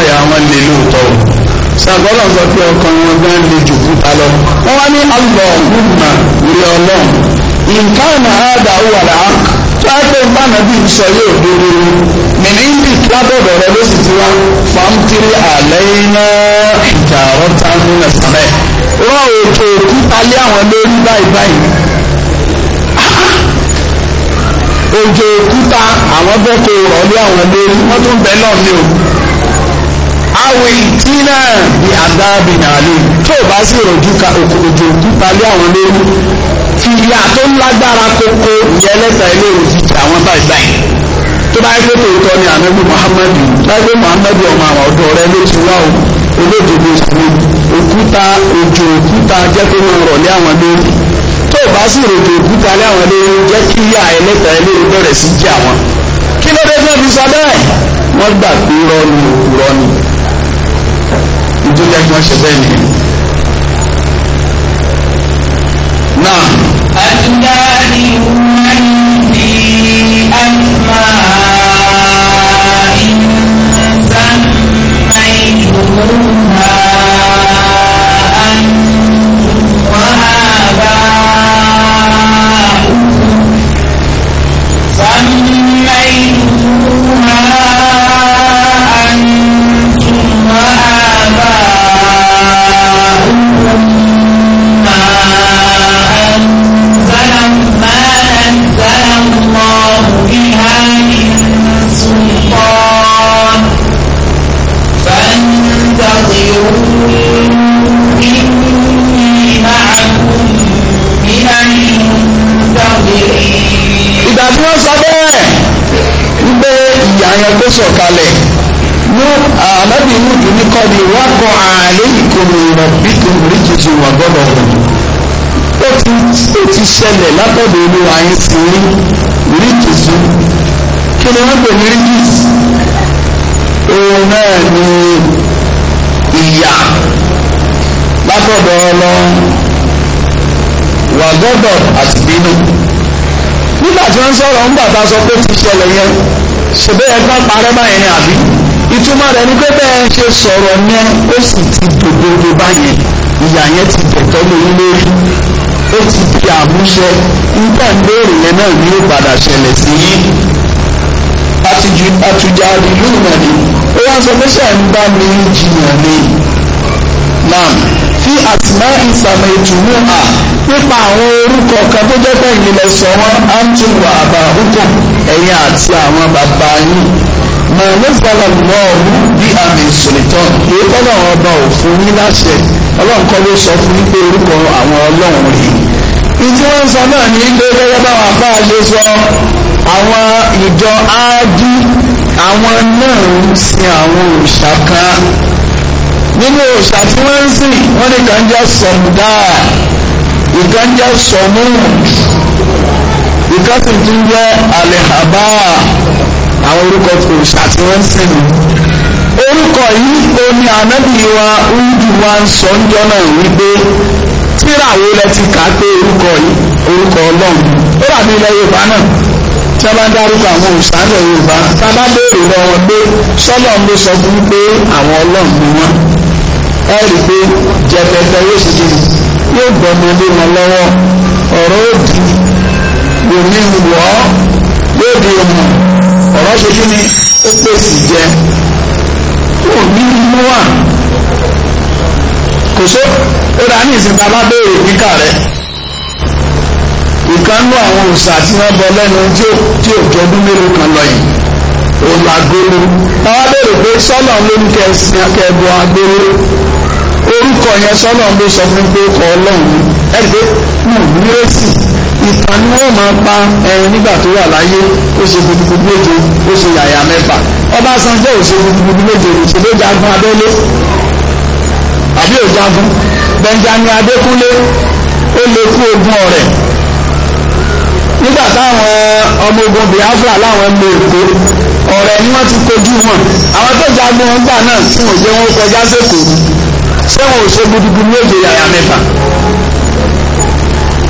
àyà wọn lè lóòótọ́ o sàgbọ́dọ̀ sọ pé ọkàn wọn gan lè jù kúta lọ wọ́n wá ní Allahumma rí ọlọ́run nǹkan náà àdá wà láà tó á pé bánà bí sọ yóò dodo mìíràn lábọ̀dọ̀ rẹ ló sì ti wá fàmtìrì àlẹ́ iná ìjà ọ̀tá nílẹ̀ sàlẹ̀ rọ òkè òkúta lé àwọn lórí báyìí báyìí òjò òkúta àwọn bẹ́ẹ̀ kò rọ̀ lé àwọn lórí wọ́n tún bẹ́ẹ̀ náà ní òkú àwòyìntínà bí àdábìnàlè tó o bá sì rọ̀jú ka òkòjò òkúta lé àwọn lórí fi ìyá tó lágbára kókó ìyẹn lẹ́sà ilé òsì tí àwọn báyìí báyìí tó bá yẹ kó tòótọ́ ni ànábì muhammadu lágbé muhammadu ọmọ àwọn ọ̀dọ́ rẹ ló ti wá o olódodo sí òkúta òjò òkúta jẹ́ kó máa rọ̀ lé àwọn lórí tó o bá sì rọ̀jò òkúta lé àwọn lórí jẹ́ kí ìyá ẹlẹ́sà ilé bẹ̀rẹ̀ sí jẹ́ àwọn kí ló dé fún ọ wọ́n gbà pé rọ́ọ̀nù rọ́ọ̀nù tó jẹ́ kí wọ́n ṣe bẹ́ẹ̀ nìyẹn. náà. àtúndà yẹn ló sọ̀kalẹ̀ ní ànábì wúdù ní kọ́ni wọ́n kọ́ àlẹ́ ìkòmò ìrọ̀bí kòmò ríjìjì wà gbọ́dọ̀ ọ̀hún ó ti ó ti ṣẹlẹ̀ látọ̀dọ̀ olúwa yín sí ríjìjì kí ni wọ́n pè ní ríjìjì òun náà ni ìyà látọ̀dọ̀ ọlọ́ wà gbọ́dọ̀ àti bínú nígbà tí wọ́n sọ̀rọ̀ ń bàtà sọ pé ti ṣẹlẹ̀ yẹn ṣèbẹ́ ẹgbẹ́ parẹ́ báyẹn ni àbí ìtumọ̀ rẹ̀ ni pé bẹ́ẹ̀ ṣe sọ̀rọ̀ yẹn ó sì ti dòdòdò báyẹn ìyà yẹn ti bẹ̀tọ́ lórí lórí ó ti di àmúṣẹ nígbà ìbéèrè yẹn náà ni ó padà ṣẹlẹ̀ sí yìí àtújà ìlú ìmọ̀lẹ́ ó wá sọ pé ṣe ń bá mi jiyàn ni nam fi àtìmá ìsàmì ìtùnú à nípa àwọn orúkọ kan tó jẹ́ pé ìlẹ̀ sọ wọ́n á ń tún wà àbá púpọ̀ ẹ̀yìn àti àwọn bàbá yìí màá ló fọlọ̀ lọ́ọ̀rù bí àmì ìsòlítọ́ pé ọlọ́run ọba ò fún yín láṣẹ ọlọ́run kọ́ ló sọ fún pé orúkọ àwọn ọlọ́run rèé ìdí wọ́n sọ náà ní ilé gẹ́gẹ́ báwọn àbá lè sọ àwọn ìjọ áádú àwọn náà ń sin àwọn òòṣà kan nínú òòṣà tí wọ́n ń sìn wọ́n ní kàn jẹ́ sọ̀dáà ìkan jẹ́ sọ̀múùn ìkan sì tún jẹ́ àlẹ́hàbá àwọn orúkọ òòṣà tí wọ́n ń sìn orúkọ yìí ó ní ànábì wa oúnjẹ wa ń sọ ń jọ náà wípé tíra wo lẹ ti kà á pé orúkọ yìí orúkọ ọlọ́run ó rà ní ilẹ̀ yorùbá náà tí wọ́n bá ń dárúkọ àwọn òòṣà ilẹ̀ yorùbá tá a bá béèrè lọ wọn pé sọ́lọ́ ló sọ fún pé àwọn ọlọ́run ni wọ́n ẹ rí i pé jẹfẹfẹ yóò ṣe kí ni tí ó gbẹ̀mí lé wọn lọ́wọ́ ọ̀rọ̀ òdì yomi wọ́ lóde ọmọ ọ̀rọ̀ ṣe kí ni ó pèsè jẹ kò ní mú wà kò só ó dá ní ìsìn bàbá béèrè kíkà rẹ ìkánú àwọn òòsà tí wọ́n bọ lẹ́nu tí ò tí ò jọdún mélòó kan lọ yìí òun àgbélé bàbá béèrè pé sọ́nà ló ń kẹ́ ẹ̀sìn akẹ́bọ̀ orúkọ yẹn sọ́nà ló sọ fún pé kọ ọlọ́run ẹgbẹ́ mùrẹ́sì hmm, ìtàn ni wọ́n máa pa ẹyin nígbà tó wà láyé ó ṣe gbogbogbò méje ó ṣe yàyà mẹ́fà Ọbásanjọ́ ò ṣe gbogbogbò méje kò ṣe ló jagun àbí ò Benjamin Adékúnlé ó lè kú ogun ọ̀rẹ́ nígbà táwọn ọmọ ogun Biafra láwọn lo èkó ọ̀rẹ́ ni wọ́n ti kojú wọn àwọn tó jagun wọn gbà náà tí wọ́n jẹ́ wọn kọjá sékòó gudugudu méje yàrá mẹ́fà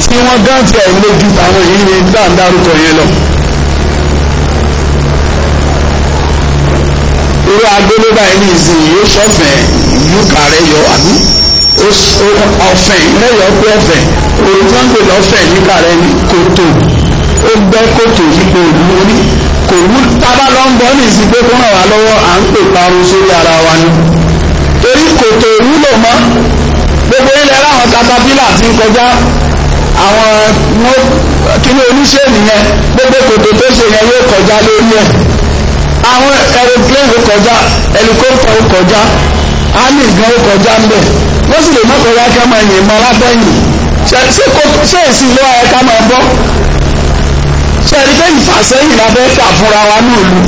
tí wọ́n gáǹtì ẹ̀ lójú àwọn èyí ni bá ń dárúkọ yẹn lọ. irú agbélébà yìí ní ìsìn yìí ó sọ̀fẹ̀ yúkà rẹ̀ yọ àbí ọ̀fẹ̀ lẹ́yọ̀ pé ọ̀fẹ̀ olùtọ́ǹgbè lọ́fẹ̀ yúkà rẹ̀ ní kòtò ó gbẹ́ kòtò yípo òlú orí kò wú tábà lọ ń bọ́ ní ìsìn pé kó ràn wá lọ́wọ́ à ń pè parun sórí ara wa ni torí kòtò òwúlò mọ́ gbogbo ilẹ̀ ráwọn katapila ti ń kọjá àwọn kíní oníṣẹ́ nìyẹn gbogbo kòtò tó ṣe yẹn yóò kọjá lórí ẹ̀ àwọn aeroplane ó kọjá helicopter ó kọjá alice gan ó kọjá ń bẹ̀ wọ́n sì lè má kọjá kí wọ́n máa yìnbọn látẹ̀yìn ṣé èsì ló ayẹ ká máa bọ́ ṣé ẹni pé ìfàsẹ́yìn la fà fúnra wa ní ìlú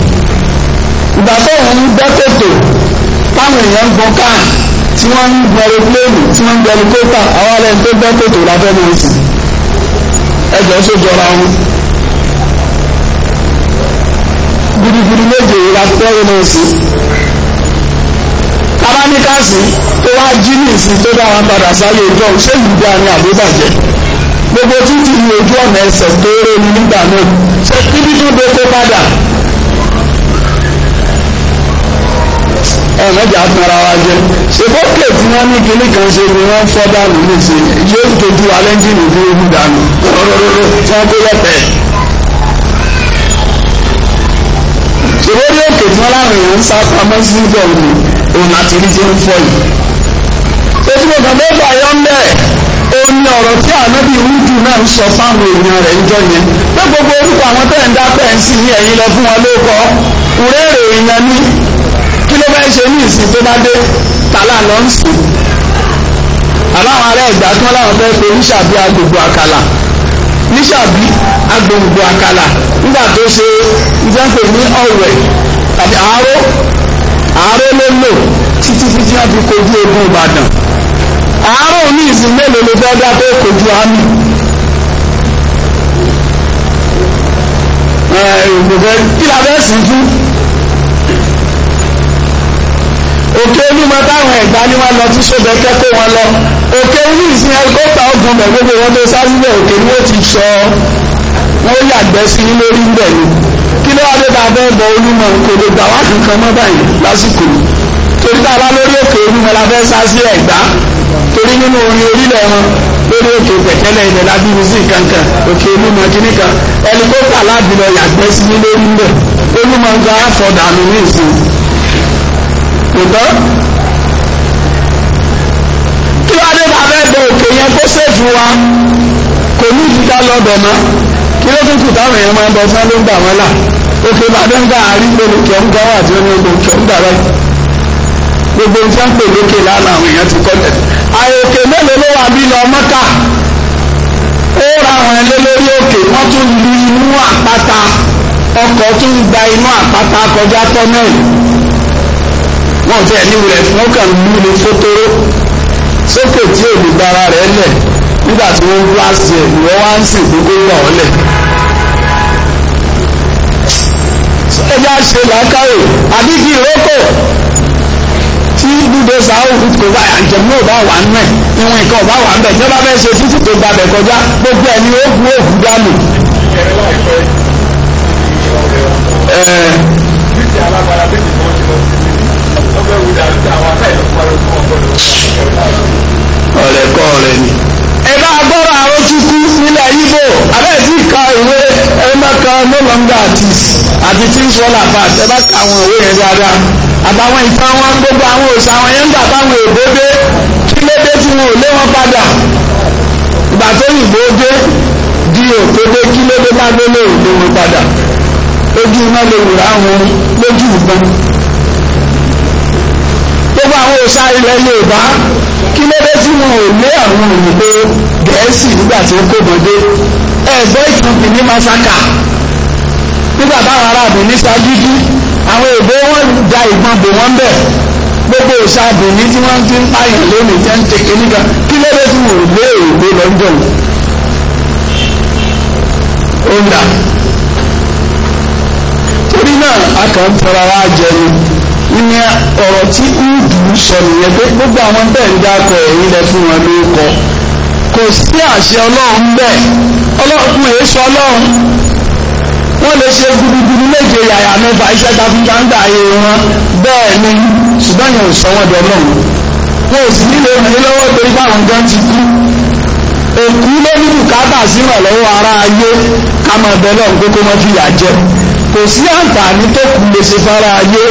ìgbà tó ń gbẹ́ kòtò táwọn èèyàn ń gbọ́n káà tí wọ́n ń gbẹrù pléènì tí wọ́n ń gbẹrù kópa àwọn alẹ́ tó gbẹ́ kòtò lábẹ́ náà sí ẹjọ́ tó jọra wọn. gudugudu méje ìlàkúrẹ́rẹ́ náà sí. kábáníkàsì tó wá jí ní ìsìn tó dá wọn padà sáyé ìjọ ṣé ìgbé àmì àbúbàjẹ́ gbogbo títí ní ojú ọ̀nà ẹsẹ̀ tó rẹ́ ní nígbà náà ṣé kíbi tó dé kó padà ẹ̀mẹ́jà atara wa jẹ ṣe bókè tí wọ́n ní kíní kan ṣe ni wọ́n fọ́ dànù níṣẹ́ yóò ti dojú alẹ́ tí mi fi ewu dànù rọ́rọ́rọ́rọ́ tí wọ́n kó lẹ́pẹ́. ṣe lórí òkè tí wọ́n láwọn èèyàn ń sá pamọ́ sí ibẹ̀ òní òun àti ibi tí ń fọ́ yìí. ojú mo kàn bẹ́ẹ̀ bàyọ̀ ń bẹ̀ òun ni ọ̀rọ̀ tí ànábì rúdù náà ń sọ fáwọn èèyàn rẹ̀ ń jọ yẹn pé gbogbo orúkọ àwọn tẹ̀ ń dá pẹ́ǹsì yẹn yín lọ fún wọn lóko kúrẹ́rẹ́ èèyàn ní fẹ́ ṣe ní ìsìn tó bá dé tàlà lọ ń sìn àbáwọn ará ẹ̀gbá tán láwọn fẹ́ pe níṣàbí agbègbè àkàlà níṣàbí agbègbè àkàlà nígbà tó ṣe ìjẹ́pẹ̀ ní ọ̀wẹ̀ tàbí àárọ̀ àárọ̀ ló lò títí títí wọn fi kojú ogun Ìbàdàn àárọ̀ ní ìsìn mélòó ló fẹ́ dá tó kojú àmì. ẹ̀ ẹ̀ kí la fẹ́ sìn fún. òkè olúmọ táwọn ẹ̀gbá ni wọ́n lọ tí sóbẹ̀ kẹ́kọ̀ọ́ wọn lọ òkè olú ìsìn ẹ̀kọ́ta ọgbọ̀n mẹ́ gbogbo wọn tó sáré bẹ̀ òkè ni wọ́n ti sọ wọ́n yàgbẹ́ sí ní lórí ń bẹ̀ ni kí ló wá dé bá bẹ́ẹ̀ bọ olúmọ kò lè gbà wá kankan mọ́ báyìí lásìkò torí tá a bá lórí òkè olúmọ la fẹ́ sá sí ẹ̀gbá torí nínú orin orílẹ̀ wọn lórí òkè pẹ̀tẹ́lẹ̀ ilẹ̀ lábíbi sí kankan òkè olúmọ kìnnìkà ẹni tó kà láàbìlọ yàgbẹ́ sí ní lórí ń bẹ̀ olúmọ ń gba àfọ̀dà mi ní ìsìn kò tán kí wàá dé bàbá ẹgbẹ́ òkè yẹn kó sèfù wa kò ní ìfúta lọ́dọ̀ mọ́ kí ló tún kù táwọn èèyàn máa ń bọ sá ló ń gbà wọn là òkè bàbá ń gbà àárín gbòòlù kẹ́ ń gbà wà tí ó ní gbòòlù kẹ́ ń gbà báyìí gbogbo nǹkan pè lókè lánàá àwọn èèyàn ti kọ́ tẹ̀. àyòkè mélòó ló wà bí lọ mọ́kà ó ra àwọn ẹlẹ́ lórí òkè wọ́n tún lu inú àpáta ọkọ̀ tún gba inú àpáta kọjá tọ́nẹ́ẹ̀lì wọn ò tẹ̀ ní wulẹ̀ fún kàn lù ní fótóró sókè tí olùgbara rẹ̀ lẹ̀ nígbà tí wọ́n blast ẹ̀ ìwọ́ wá ń sìn gbogbo gbà ọ́ lẹ̀. ẹja ṣe làákàyè àbí kí ìrókò tí ibùdó sáà kò bá àjẹmú ò wà ń mẹ ìwọn nǹkan wà ń bẹ bá fẹ́ ṣe títí tó gbàbẹ kọjá gbogbo ẹ ní oògùn oògùn dánù. ẹ ẹ ọ̀rẹ́ kọ́ ọ̀rẹ́ ni. ẹ bá gbọ́rọ̀ àwọn kíkú nílẹ̀ Ìgbò abẹ́ẹ̀ tí ka ìwé ẹ má ka no longer this àti tí ń sọ́lá pàt ẹ bá ka àwọn ìwé yẹn dáadáa àtàwọn ìtàn wọn gbogbo àwọn òòsàn àwọn yẹn ń gbà táwọn èèbó dé kí ló dé tí wọn ò lé wọn padà ìgbà tó yìnbó dé di òkèdè kí ló dé bá dé lè lé wọn padà ojú iná lè wùrà àwọn lójú ìbọn gbogbo àwọn òòṣà ilẹ̀ Yorùbá kí ló dé tí wọn ò lé àwọn òyìnbó Gẹ̀ẹ́sì nígbà tí ó kóbodé ẹ̀gbọ́n ìtànkì ní masaka nígbà táwọn aráàbò ní sagidi àwọn èbó wọn da ìbọn bò wọn bẹ gbogbo òòṣà Benin tí wọn ti ń pààyàn lónìí jẹ́ ń tèké nígbà kí ló dé tí wọn ò lé òyìnbó lọ́jọ́ ó ń dà torí náà a kàn ń tọrọ wá jẹ ni ní ọ̀rọ̀ tí ìdùn sọ nìyẹn pé gbogbo àwọn bẹ́ẹ̀ ń dákọ̀ ẹ̀yìn lẹ fún wọn ló kọ kò sí àṣẹ ọlọ́run bẹ́ẹ̀ ọlọ́run èé sọ ọlọ́run wọ́n lè ṣe gudugudu méje yàyà mẹ́fà iṣẹ́ takunta ń gbà ayé wọn bẹ́ẹ̀ ni ṣùgbọ́n yẹn ò sọ wọ́n di ọlọ́run wọn ò sì nílò ìrìn lọ́wọ́ torí báwọn gan ti kú òkú ló ní bùkátà sí ìrànlọ́wọ́ ara ayé ká máa bẹ lọ́run pé kó má jẹ kò sí àǹfààní tó kù lè ṣe fara ayé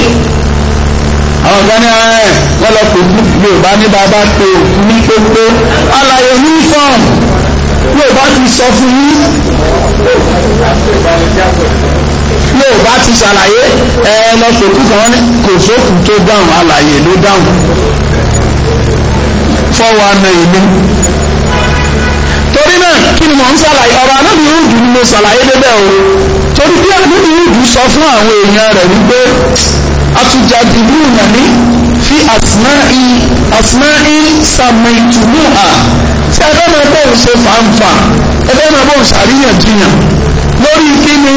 àwọn ọ̀gá ní ẹ wọ́n lọ pè fún yorùbá ní bàbá pé ní pépé alàyè uniform yorùbá ti sọ fún yín yorùbá ti ṣàlàyé ẹ lọ pè fún kan kò sókùn tó dáhùn alàyè ló dáhùn fọwọ́ àna ìlú torí náà kí ni mò ń ṣàlàyé ọ̀rọ̀ anábì ìrùdù ni mo ṣàlàyé débẹ̀ o torí bí anábì ìrùdù sọ fún àwọn èèyàn rẹ̀ wípé atujadilunani fi asma'i asma'i samaitumuha tí ẹ fẹ́ máa bóun ṣe fàǹfà ẹ fẹ́ máa bóun ṣàríyànjiyàn lórí kíni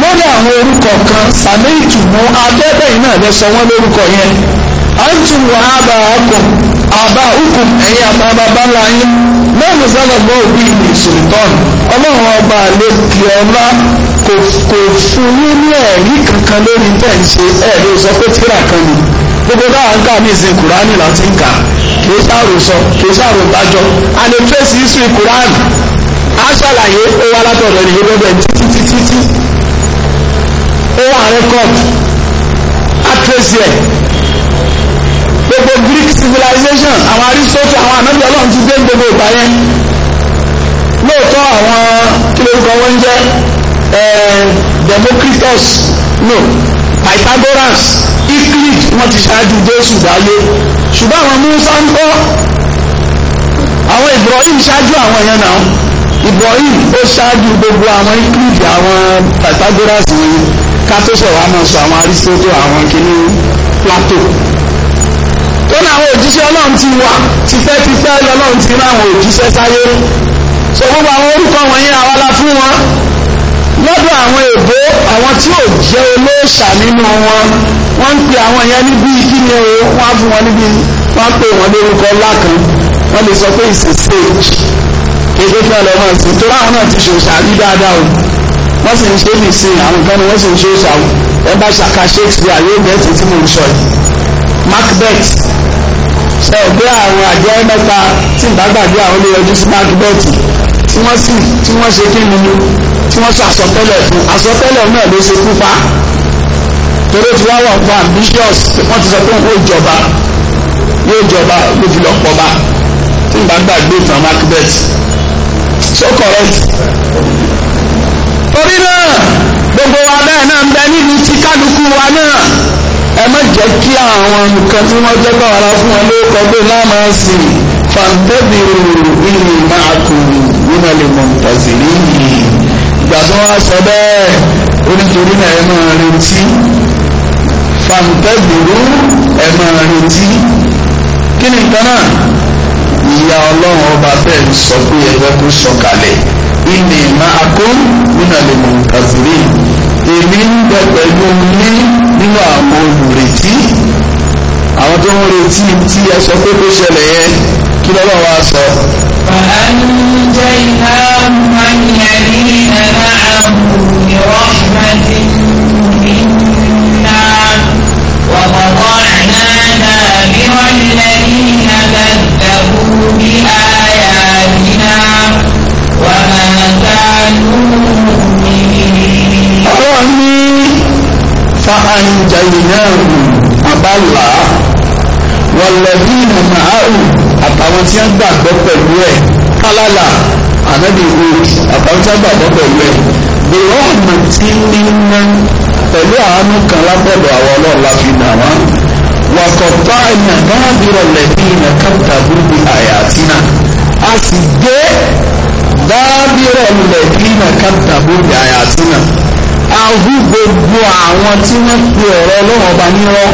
lórí àwọn orúkọ kan samaitumu abẹ́bẹ́ yìí náà lọ sọ wọ́n lórúkọ yẹn antum wa aba akum aba ukum ẹ̀yin àtàwọn bàbá yín lẹ́nu sọ́dọ̀ gbọ́ òbí ìṣòtọ́n ọlọ́run ọba àlejò ọlá kò fún yín ní ẹ̀rí kankan lórí tẹ̀ ń ṣe ẹ̀rí sọ pé tíra kan ni gbogbo báwa ń kà ní ìsìn kùránì láti ń kà kìí ṣàròsọ kìí ṣàròbájọ a lè trace history kùránì a ṣàlàyé ó wá látọ̀dọ̀ ní gbogbo ẹ̀ títí títí ó wà record a trace ẹ̀ gbogbo Greek civilization àwọn Aristotle àwọn ànábì ọlọ́run ti gbé gbogbo ìgbà yẹn lóòótọ́ àwọn kí lórúkọ wọn ń jẹ́ Eh, Democritus no Pythagoras Euclid wọ́n ti ṣáájú Jésù dáyé ṣùgbọ́n àwọn Musa ń kọ́ àwọn Ibrahim ṣáájú àwọn yẹn náà Ibrahim ó ṣáájú gbogbo àwọn Euclid àwọn Pythagoras ní kátó sọ̀rọ̀ àmọ́ sọ àwọn Aristotle àwọn kìíní Plato ó ní àwọn òjíṣẹ́ Ọlọ́run ti wà tipẹ́tipẹ́ lọ́lọ́run ti rán àwọn òjíṣẹ́ sáyé so gbogbo àwọn orúkọ wọ̀nyí àwa la fún wọn lọ́dọ̀ àwọn èbó àwọn tí ò jẹ́ olóòṣà nínú wọn wọ́n ń pè àwọn yẹn níbi kí ni o wọ́n á fún wọn níbi wọ́n pè wọ́n lórúkọ lákan wọ́n lè sọ pé ìsèse kéde fẹ́ lọ́wọ́ ẹ̀sìn tó láwọn náà ti ṣòṣà rí dáadáa o wọ́n sì ń ṣe é nìsín àwọn kan ni wọ́n sì ń ṣòṣà o ẹ bá ṣàkà Shakespeare yóò bẹ́ẹ̀ tí tí mo sọ yìí Macbeth ṣe ọ̀gbẹ́ àwọn àjẹ́ mẹ́ta tí ìbá àwọn olóyọjú sí Macbeth tí wọ́n sì tí wọ́n ṣe kí ni tí wọ́n sọ àsọtẹ́lẹ̀ fún àsọtẹ́lẹ̀ náà ló ṣe kú pa torí tí wọ́n wà fún ambitious wọ́n ti sọ pé òun ìjọba yóò jọba ló fi lọ pọ̀ bá tí n bá gbàgbé ìtàn macbeth so correct torí náà gbogbo wa bẹ́ẹ̀ náà ń bẹ níbi tí kálukú wa náà ẹ má jẹ́ kí àwọn nǹkan tí wọ́n jẹ́ bá wa la fún wọn ló kọ pé náà máa sìn fàǹtẹ́bìrì ìlú máa kù nínú lè mọ̀ tàzìrí yìí ìgbà tó wá sọ bẹ́ẹ̀ onítorí náà ẹ máa retí fàǹtẹ́bìrì ẹ máa retí kí ni nǹkan náà ìyá ọlọ́run ọba bẹ́ẹ̀ ń sọ pé ẹgbẹ́ kó sọ̀kalẹ̀ ìní máa kó nínú lè mọ̀ tàzìrí èmi ń bẹ pẹ̀lú ní nínú àwọn olùrètí àwọn tó ń retí tí ẹ sọ pé kó ṣẹlẹ̀ yẹn. kí lọ́wọ́ wa sọ. فأنجيناه والذين معه برحمة منا وقطعنا دابر الذين كذبوا بآياتنا وما كانوا مؤمنين. فأنجيناه أبلغ والذين معه àtàwọn tí wọ́n gbàgbọ́ pẹ̀lú ẹ̀ kálálà ànábì old àtàwọn tí wọ́n gbàgbọ́ pẹ̀lú ẹ̀ bèrè ọ̀nà tí ní ná pẹ̀lú àánú kan lábọ̀dọ̀ àwọn ọlọ́ọ̀la fi nà wá wàkọ̀tà ẹ̀yà náà dúró lẹ́bí ìnà kápẹ́tà gbogbo àyà àti náà a sì gbé dábìrọ̀ lẹ́bí ìnà kápẹ́tà gbogbo àyà àti náà ahu gbogbo àwọn tí wọ́n pe ọ̀rọ̀ ọlọ́wọ́ bá nírọ́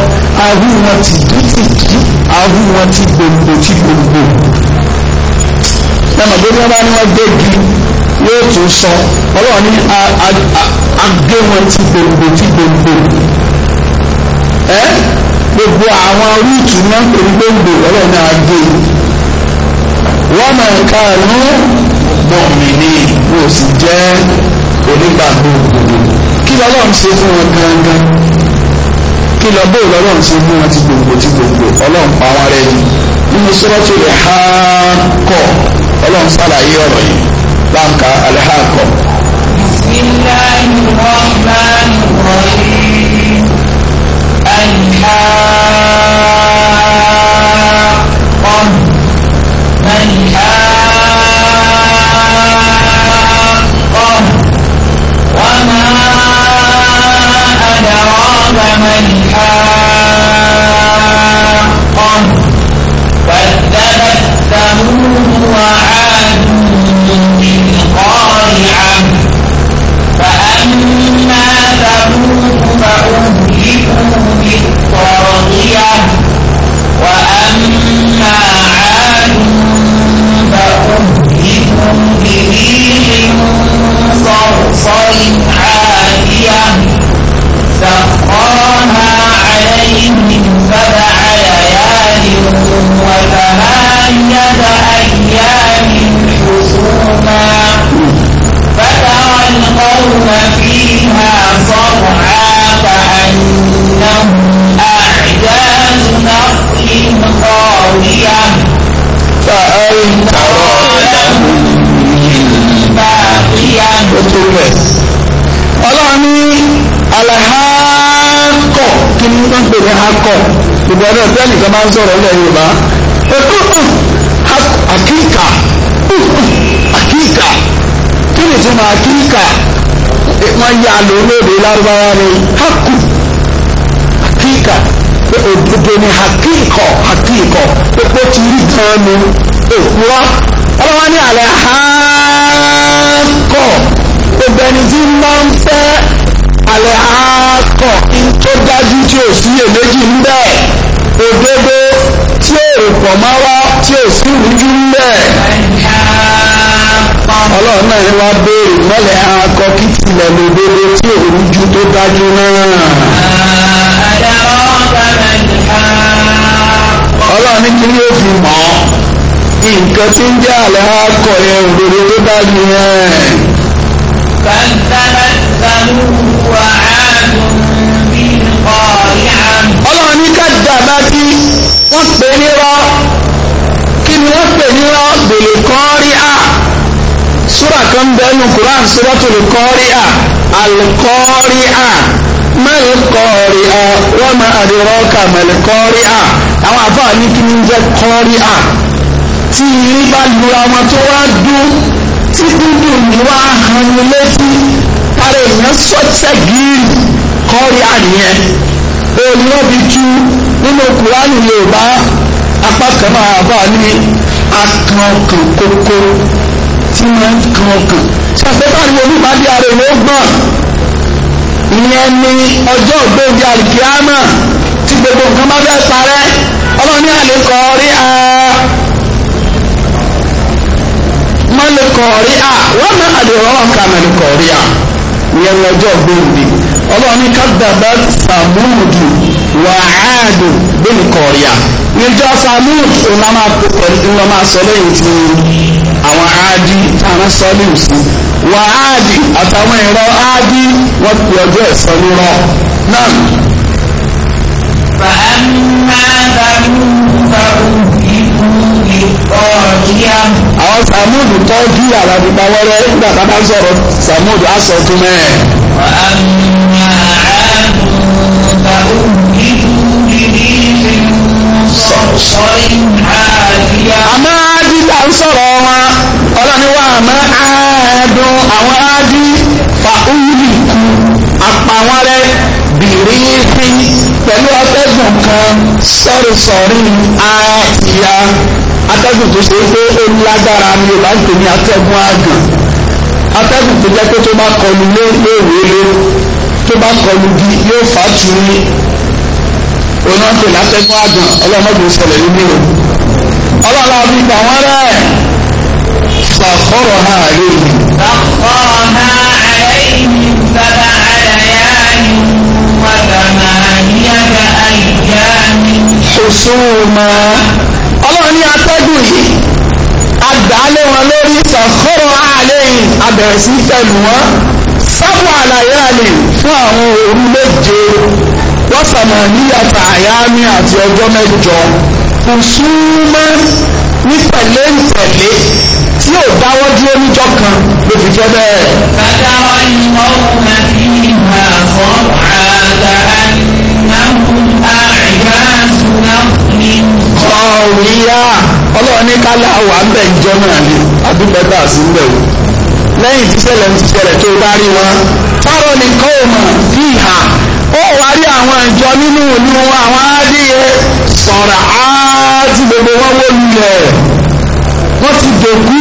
ahu wọn tìtútìtú ahun wọn ti gbogbo ti gbogbo ẹnà bó ní wọn bá ní wọn gbégi yóò tún sọ ọlọ́run ní agbé wọn ti gbogbo ti gbogbo ẹ gbogbo àwọn rúùtù náà pè ní gbogbo ọlọ́run ní agbé wọn máa ká ní bọ̀mì ni wọn ò sì jẹ́ onígbàgbọ́ òdodo kí lọ́lọ́run ṣe fún wọn gangan kí lọ bóyá ọlọ́run ti mú wọn ti gbòǹgbò ti gbòǹgbò ọlọ́run pa wọn rẹ ni nínú sọ́rọ́tò rẹ̀ há kọ́ ọlọ́run sàlàyé ọ̀rọ̀ yìí báńkà alẹ́ há kọ́. bismillahirrahmanirrahim alhamdulilayi. وعاد من القارعه 帮助了你吗？náà yẹn wá béèrè mọ́lẹ̀ akọ kí tilẹ̀ lè dédé tí òun ju tó dájú náà. ọlọ́run ní kí ni ó fi mọ̀ nǹkan tí ń jẹ́ àlẹ́ akọ yẹn òdodo tó dájú yẹn. ọlọ́run ní ká dàbá tí wọ́n pè é ní rọ́. kan bẹ́ẹ̀nu Quran suratul qari'a al-qari'a mal qari'a wa ma adraka mal qari'a àwọn àfáà ní kí ní jẹ́ qari'a tí ilé bá lura wọn tó wá dún tí dúdú ni wá hàn ní létí tára èèyàn sọ́tẹ̀ gírì qari'a nìyẹn òní tú nínú Quran Yorùbá apá kan máa bá ní akànkàn kókó tí máa ń kan ọkàn ṣàfẹ́fà ni olùpàdé ara ìwé gbọ́n ìyẹn ni ọjọ́ ògbóǹde àlìkíámà tí gbogbo nǹkan bá fẹ́ parẹ́ ọlọ́ni àlékọ́ rí a mọ́lẹ́kọ̀ rí a wọ́n mọ́ àdéhùn ọ̀ka mọ́lẹ́kọ̀ rí a ìyẹn ni ọjọ́ ògbóǹde ọlọ́ni kábàbà sàmúùdù wàhádù bẹ́ẹ̀ kọ̀ ìjọ sàmúùdù ìlànà sọ lẹ́yìn tí àwọn áádì táwọn sọ́líù sí wà áádì àtàwọn ìrọ̀ áádì wọ́n fi ọjọ́ ẹ̀sọ́ nírọ̀ náà. fàámà sàmú sàmúdìkú ìkọ̀ọ̀díà. àwọn sàmúdù tọ́jú àlàdìgbà wẹ́rẹ́ nígbà tá a bá ń sọ̀rọ̀ sàmúdù á sọ fún mẹ́ẹ̀. fàámà àádùn sàmúdìkú ìdílé sọ̀sọ́ ìhà àdìyà à ń sọ̀rọ̀ wọn ọlọ́ni wà mọ́ àádùn àwọn ádì fàúlì àpàwọn rẹ bìrì fi pẹ̀lú atẹ́gùn kan sọ̀rọ̀sọ̀rì àtìyà atẹ́gùn tó ṣe pé ó lágbára ni ò bá ń pè ní atẹ́gùn àgàn atẹ́gùn tó jẹ́ pé tó bá kọlu lé léèwé lé tó bá kọlu di yóò fà á tù ní onáńpẹ̀ látẹ́gùn àgàn ọlọ́mọdé ṣẹlẹ̀ nínú ìlú ọlọ́lá fi gbà wọ́n rẹ̀ sàkọ́rọ̀ náà lè mi. sàkọ́rọ̀ náà àlẹ́yìn sábà àdáyáyìn wàtàmà níyàgbà àyíká mi. ṣùṣùmá ọlọ́run ní atẹ́gùn yìí àgbálé wọn lórí sàkọ́rọ̀ àlẹ́yìn abẹ̀rẹ̀ sí fẹ̀lú wọn sábà àlàyé àlè fún àwọn òun méje wọ́n sàmà níyàtà àyámi àti ọjọ́ mẹ́jọ ìsúnmọ́ ní tẹ̀lé tí ò dáwọ́ dúró níjọ́ kan ló fi jẹ́ bẹ́ẹ̀. bàtà ìmọ̀ ọ̀nà kí ìhà sọ àgbà àìnáhùn àìyá súná ní. ọ̀rìyá ọlọ́run kálá wà ń bẹ̀ ń náà ni àdúgbò bá a wò lẹ́yìn tí ṣẹlẹ̀ ń ti ṣẹlẹ̀ tó bá rí wọn tọrọ nìkan ò mọ̀ sí ìhà ó wá rí àwọn ìjọ nínú ìlú àwọn adìyẹ tí gbogbo wọn wó lulẹ̀ wọ́n ti dòkú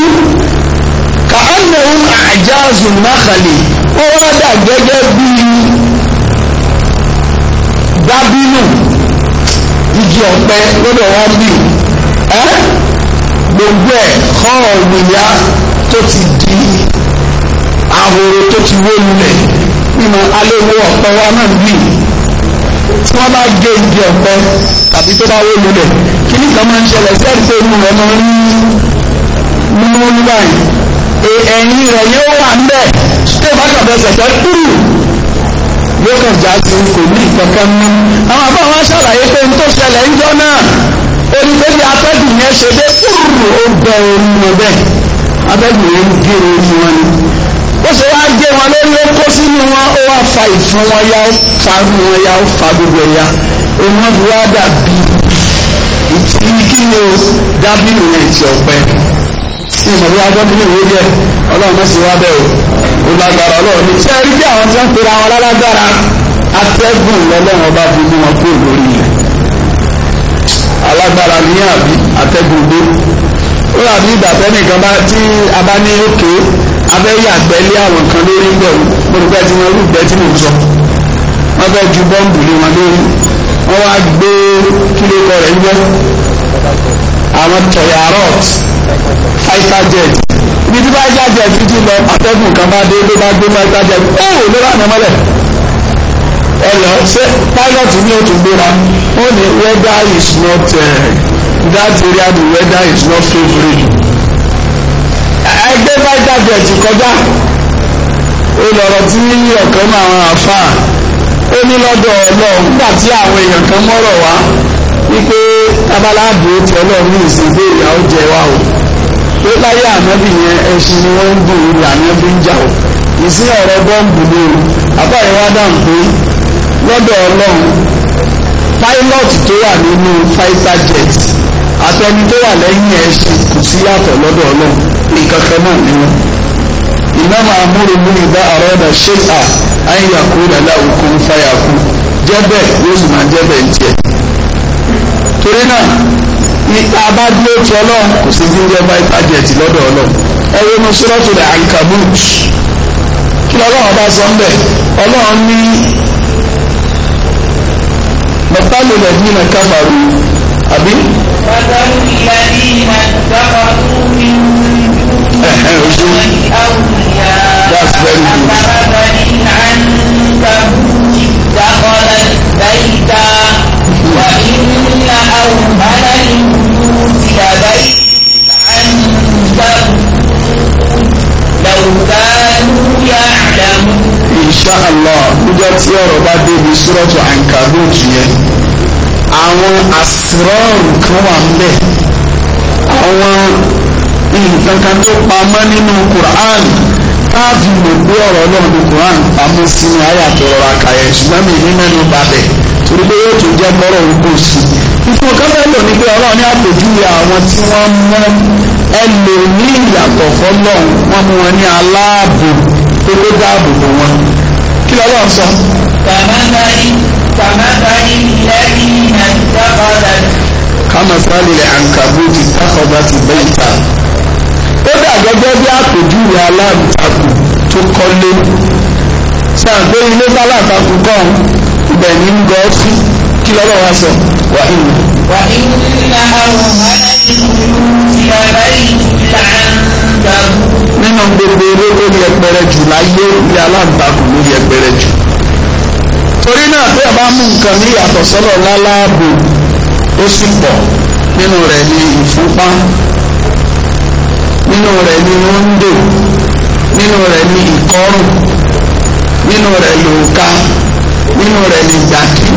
kàánà ń àjáàzù náàkàlè ó wá dà gẹ́gẹ́ bí dábínú igi ọ̀pẹ lọ́dọ̀ wọn bí ẹ́ gbogbo ẹ̀ kọ́ ọ̀gbìyà tó ti di ahoro tó ti wó lulẹ̀ nínú aléwọ́ ọ̀pẹ wa náà bí tí wọ́n bá gé igi ọ̀pẹ tàbí tó bá wó lulẹ̀ kí ní kan máa ń ṣẹlẹ̀ sí ẹ̀rí pé inú rẹ̀ máa ń rí mímú nígbà yìí e, ẹ̀yìn rẹ̀ yóò wà níbẹ̀ tó bá kàbẹ̀ sẹ̀sẹ̀ kúrú yóò kàn já sí kò ní ìkankan mú àwọn àbá wọn ṣàlàyé pé n tó ṣẹlẹ̀ ńjọ́ náà onígbèbí atẹ́gùn yẹn ṣe dé kúrú ó bẹ orí bẹ́ẹ̀ atẹ́gùn yẹn ń gé orí wọn ni ó ṣe wá gé wọn lórí ó kó sínú wọn ó wá fa ìfun wọn ya ó fa wọn ya ó fa gbogbo ya òun wọn fi wá dàbí ìtìlí kí ni o dábì ìrìn àti ọ̀pẹ tí mo bí agbọ́dún ìwé jẹ ọlọ́run mọ̀ sí wá bẹ́ẹ̀ o lágbára ọlọ́run ní. ṣé rí bí àwọn tí wọ́n pera wọn lálágbára atẹ́gùn lọ́lọ́run ọba fi mú wọn kó lórí rẹ̀ alágbára ní àbí atẹ́gùn gbé ó rà bí ìgbà tẹ́nìkan bá tí a bá ní òkè. Okay abẹ́yẹ àgbẹ̀lé àwọn kan lórí ń bẹ̀rù olùgbẹ́ tí wọ́n lùgbẹ́ tí mò ń sọ wọ́n fẹ́ ju bọ́ǹbù lé wọn lórí wọ́n wá gbé kílé kọ rẹ̀ yíwọ́ àwọn tọ̀yàrọ́t fáìfà jẹ́ẹ̀tì ibi tí fáìfà jẹ́ẹ̀tì ti lọ atẹ́gùn kan bá dé ló bá gbé fáìfà jẹ́ẹ̀tì ó ló bá nà mọ́lẹ̀ ẹ lọ ṣe pilot ní òtún gbéra ó ní weather is not uh, that area the weather is not favourable. ẹgbẹ́ vital jet kọjá ó lọ́rọ̀ tí ọ̀kan máa wọn àfa ó ní lọ́dọ̀ ọlọ́run nígbà tí àwọn èèyàn kan mọ́rọ̀ wá wípé tábàláàbò tí ọlọ́run ní ìsìnkú ìyàwó jẹ wá o pé láyé ànábì yẹn ẹṣin ni wọ́n ń o ìsìn ọ̀rọ̀ bọ́ǹbù ni o àbáyé wá dáhùn pé lọ́dọ̀ tó wà nínú fighter jet àtẹni tó wà lẹ́yìn ẹṣin kò sí yàtọ̀ lọ́dọ̀ ọlọ́run nǹkan kan náà ni wọn. ìnáwó amúrò mú ibà àrọ́dà ṣé à áyà kó dàda òkú ń fàyà kú jẹ́bẹ̀ yóò sì máa jẹ́bẹ̀ ń tiẹ̀. torí náà ní abádúró ti ọlọ́run kò sí ti ń jẹ́ báyìí bájẹ̀tì lọ́dọ̀ ọlọ́run ẹ wo ní sọ́dọ̀tò rẹ̀ ankabut kí lọ́lọ́run bá sọ ń bẹ̀ ọlọ́run ní mọ̀tálù rẹ̀ ní nàkàfàrú àbí. mọ̀tálù rẹ̀ ní nàkàfàrú That's very good. Insha Allah níjọ́ tí ọ̀rọ̀ bá débi sọ́rọ̀tù Ankabut yẹn àwọn àsìrọ́ọ̀rù kan wà ń bẹ̀ àwọn nǹkan kan tó pamọ́ nínú Qur'an káàdì mọ̀ pé ọ̀rọ̀ náà ní Qur'an pamọ́ sí ní àyà tó rọra kàyẹ̀ ṣùgbọ́n mi ní mẹ́nu bàbẹ̀ torí pé yóò tún jẹ́ mọ́rọ̀ orúkọ sí i. ìfún kẹ́kẹ́ lò ní pé ọlọ́run ní àpèjúwe àwọn tí wọ́n mú ẹlòmíì yàtọ̀ fọlọ́run wọ́n mú wọn ní aláàbò tó ló dáàbò bò wọn. kí lọ́wọ́ sọ. kàmáńdáyé kàmáńdáyé lẹ́yìn nàìjíríà kàmáńdáyé ó dà gẹ́gẹ́ bí àpèjúwe aláǹtakùn tó kọ́lé sàgbé ilé aláǹtakùn kan ibẹ̀ ní ń gọ́ sí kí lọ́wọ́ wa sọ wà ní. wà ní nínú gbogbo eré tó ní ẹgbẹrẹ jù láyé ní aláǹtakùn ló ní ẹgbẹrẹ jù torí náà bí a bá mú nǹkan ní ìyàtọ̀ sọ́lọ̀ lálábò ó sì pọ̀ nínú rẹ̀ ní ìfúnpá nínú rẹ̀ ni rondo nínú rẹ̀ ni ìkọ́rùn nínú rẹ̀ lòǹkà nínú rẹ̀ ni gbàkí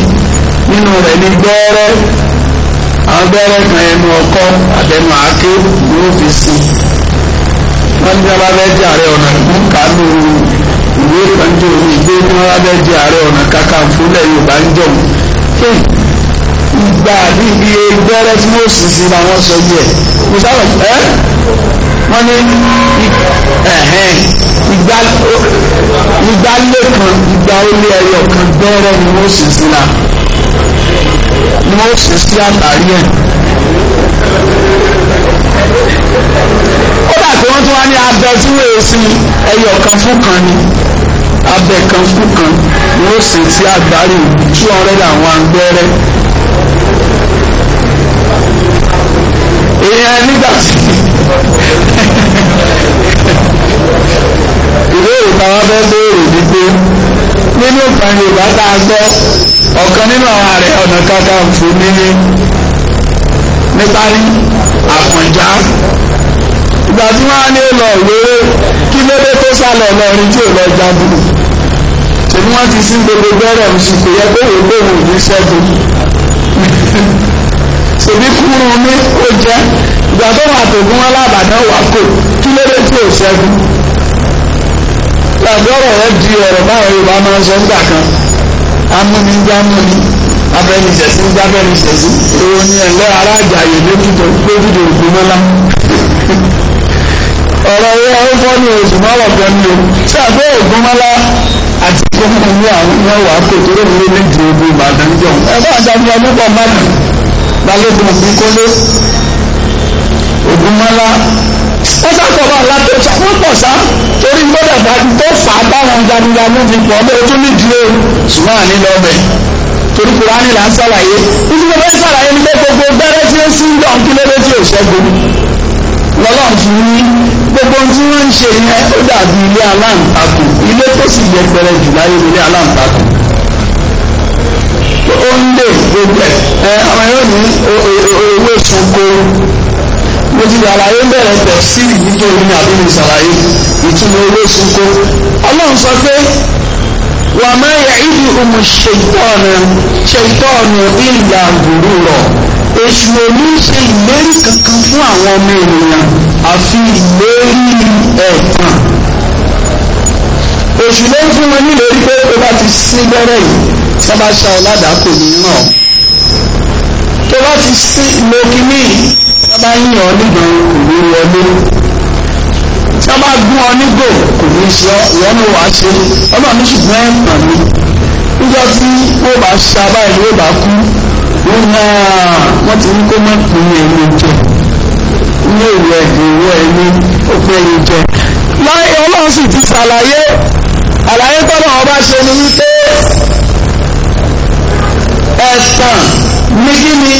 nínú rẹ̀ ni gbọ́ọ́rẹ́ àwọn gbọ́ọ́rẹ́ kan ẹnu ọkọ́ àtẹnu àáké ni ó fi sí wọ́n ní wọ́n bá fẹ́ jẹ́ ààrẹ ọ̀nà ìmúkàánú ìwé ìpàdé omi ìgbé ní wọ́n bá fẹ́ jẹ́ ààrẹ ọ̀nà kakanfò lẹ̀ Yorùbá ń jọ̀ ìgbà bíbi gbọ́ọ́rẹ́ tí wọ́n sì sí làwọn sọ yẹ kò sábà ẹ́ wọ́n ní ìgbà lé kan ìgbà ó lé ẹyọ kan gbọ́rọ̀ ni wọ́n sì sí la ni wọ́n sì sí àtàrí ẹ̀ kódà tí wọ́n tún wá ní abẹ tí wọ́n èsì ẹyọ kan fún kan ni abẹ kan fún kan ni wọ́n sì sí àgbárí two hundred and one gbẹ́rẹ́. èèyàn nígbà tí ìbéèrè táwọn fẹ́ béèrè wípé nínú ìtàn yorùbá tá a gbọ́ ọ̀kan nínú àwọn ààrẹ ọ̀nà kakanfò ní níparí àpọ̀njá ìgbà tí wọ́n á ní lọ wéré kí lédè tó sálọ lọrin tí ò lọ jagun tèmi wọ́n ti sí gbogbo bẹ̀rẹ̀ òsùn kò yẹ kó wò pé wò ní ṣẹ́gun ṣèbí kúrú mi ó jẹ́ ìgbà tó wà tó fún alábàdàn wà kò kí ló dé tí ò ṣẹ́gun tàbí ọ̀rọ̀ rẹ di ọ̀rọ̀ báwọn Yorùbá máa ń sọ nígbà kan amúnigbámúni abẹnusẹsí gbábẹnusẹsí èwo ni ẹ̀lẹ́ alájà yìí lójútó lójútó ògbómọ́lá ọ̀rọ̀ yẹ ó fọ́ ní oṣù mọ́lọ̀ kan ní o tí àgbẹ̀ ògbómọ́lá àti gómìnà ní àwọn mẹ́wàá kò tó lóun lé méjì ogun Ìbàdàn jọ ẹ bá àjàmú ọdún pọ̀ mọ́lá balógun òfin kólé ògúnmọ́lá wọ́n sàkọ́bọ̀ alákòóso wọ́n pọ̀ torí gbọ́dọ̀ dájú tó fà á báwọn jagunjagun fi pọ̀ bẹ́ẹ̀ tún nídìí o ṣùgbọ́n àní lọ́bẹ̀ torí kùránì là ń sàlàyé títí mo fẹ́ sàlàyé ní pé gbogbo bẹ́rẹ́ tí ó sì ń dàn kí lóde tí ò ṣẹ́gun lọ́lọ́run fi ní gbogbo tí wọ́n ń ṣe yẹn ó dàbí ilé aláǹtakù ilé tó sì gbẹgbẹrẹ jù láyé ilé aláǹtakù ó ń lè gbogbo ẹ àwọn yóò ní owó ìṣòkòrò mo ti ṣàlàyé bẹ̀rẹ̀ tẹ̀ sí nítorí ní àbí mi ṣàlàyé ìtumọ̀ owó sunko ọlọ́run sọ pé wà má yẹ ìdí ọmọ ṣètọ́ọ̀nù ṣètọ́ọ̀nù ìlà gbòòrò rọ̀ èṣù òní ṣe ìlérí kankan fún àwọn ọmọ ènìyàn àfi ìlérí ẹ̀tàn èṣù ló ń fún wọn nílérí pé ó bá ti sí gbẹ́rẹ́ yìí tí ṣá ọ ládàá kò ní ràn ọ́ tó bá ti sí lo kíní sábà yín ọ nígbà kò ní wọlé sábà gún ọ nígbò kò ní sọ ìwọ ní wàá ṣe ọlọ́run ní ṣùgbọ́n ẹ̀ pọ̀ mí níjọ́ tí ó bá sábà ìlú ó bá kú wọn náà ah, wọ́n ti ní kó má kú ní ẹni jẹ ilé ìwé ìwé ẹni ó ẹni jẹ láyé ọlọ́run sì ti ṣàlàyé àlàyé tọ́lọ́ ọba ṣe ni wípé ẹ̀sán nígbì ni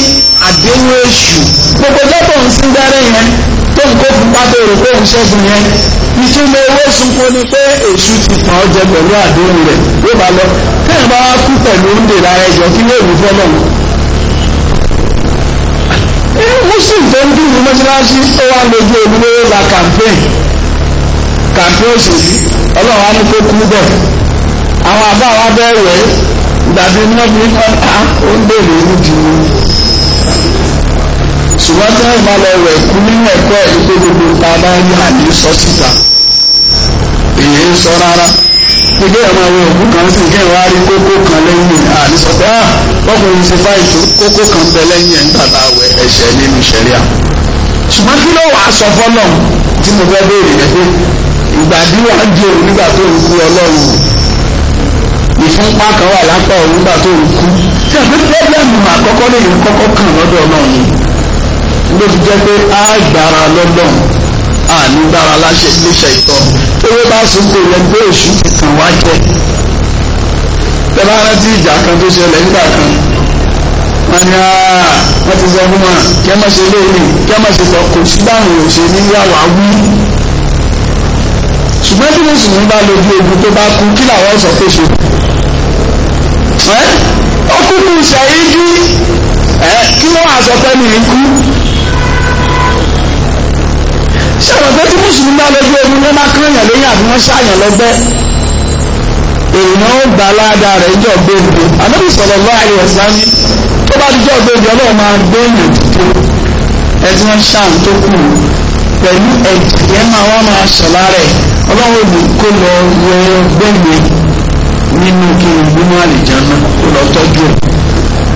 àdéhùn èṣù gbogbo tọ́tọ̀ ń sín gbẹ́rẹ́ yẹn tó ń kó fún pátó rò pé ń ṣẹ́gun yẹn ìtumọ̀ owó sunko ni pé èṣù ti tàn ọ́ jẹ pẹ̀lú àdéhùn rẹ̀ yóò bá lọ bẹ́ẹ̀ bá wá kú pẹ̀lú oúnjẹ lára ẹ̀jọ̀ kí yóò wù fọ́lọ́ muslim tó ń dùn ní mọ́ṣáláṣí ó wá lójú olówó la campaign campaign òṣèlú ọlọ́run á ní kó kú bẹ́ẹ̀ àwọn àbá wa bẹ́ẹ̀ wẹ̀ dàbí iná bí wọ́n á ó ń bèrè níbi ṣùgbọ́n tí wọ́n bá lọ wẹ̀ kú nínú ẹ̀kọ́ ẹ̀ pé gbogbo ta bá ń yà ní sọ síta èyí ń sọ rárá gbogbo ẹ̀ máa wọ òkú kan sì kí ẹ̀ wá rí kókó kan lẹ́yìn àdìsọ pé à ah, bọ́kùnrin ti fá ìtò kókó kan bẹ lẹ́yìn ẹ̀ ń tàbá wẹ̀ ẹ̀ṣẹ̀ nínú ṣẹ̀ríà ṣùgbọ́n kí ló wàá sọ fọ́lọ́run tí mo fẹ́ béèrè yẹn pé ìgbà bí wàá jẹun nígbà tó ń kú ọlọ́run ìfúnpá kan wà lápá òun gbà tó ń kú tí àgbẹ̀ pẹ́ẹ́lẹ́mù àkọ́kọ́ lè kọ́kọ́ kàn lọ́dọ̀ náà ni ló fi jẹ́ pé á gbára lọ́dọ̀ àní gbára láṣẹ iléeṣẹ́ ìtọ́ owó bá sunkún yẹn pé èṣù ti kàn wá jẹ tẹ bá rántí ìjà kan tó ṣẹlẹ̀ nígbà kan wọn ni wọn ti sọ fún wa kí ẹ má ṣe léyìn kí ẹ má ṣe sọ kò sí báwọn ò ṣe ní yàwá wí ṣùgbọ́n tí mùsùlùmí bá lójú ogun tó bá kú kí làwọn sọ pé ṣe kú. ó kúkú kí wọ́n àṣọ fẹ́mi ikú ṣẹ̀rọ̀ pé tí mùsùlùmí bá lójú ogun máa kírìyàn lẹ́yìn àbí wọ́n ṣàyàn lọ́gbẹ́ èèyàn ó gbà ládàá rẹ̀ jọ ọ̀sán tó bá ti jọ ọlọ́run máa ẹtí ṣàn tó kù pẹ̀lú ẹ̀jẹ̀ yẹn máa wọ́n máa sọ̀ lára nínú kí n bínú àlìjáná kó lọ tọ́jú ẹ̀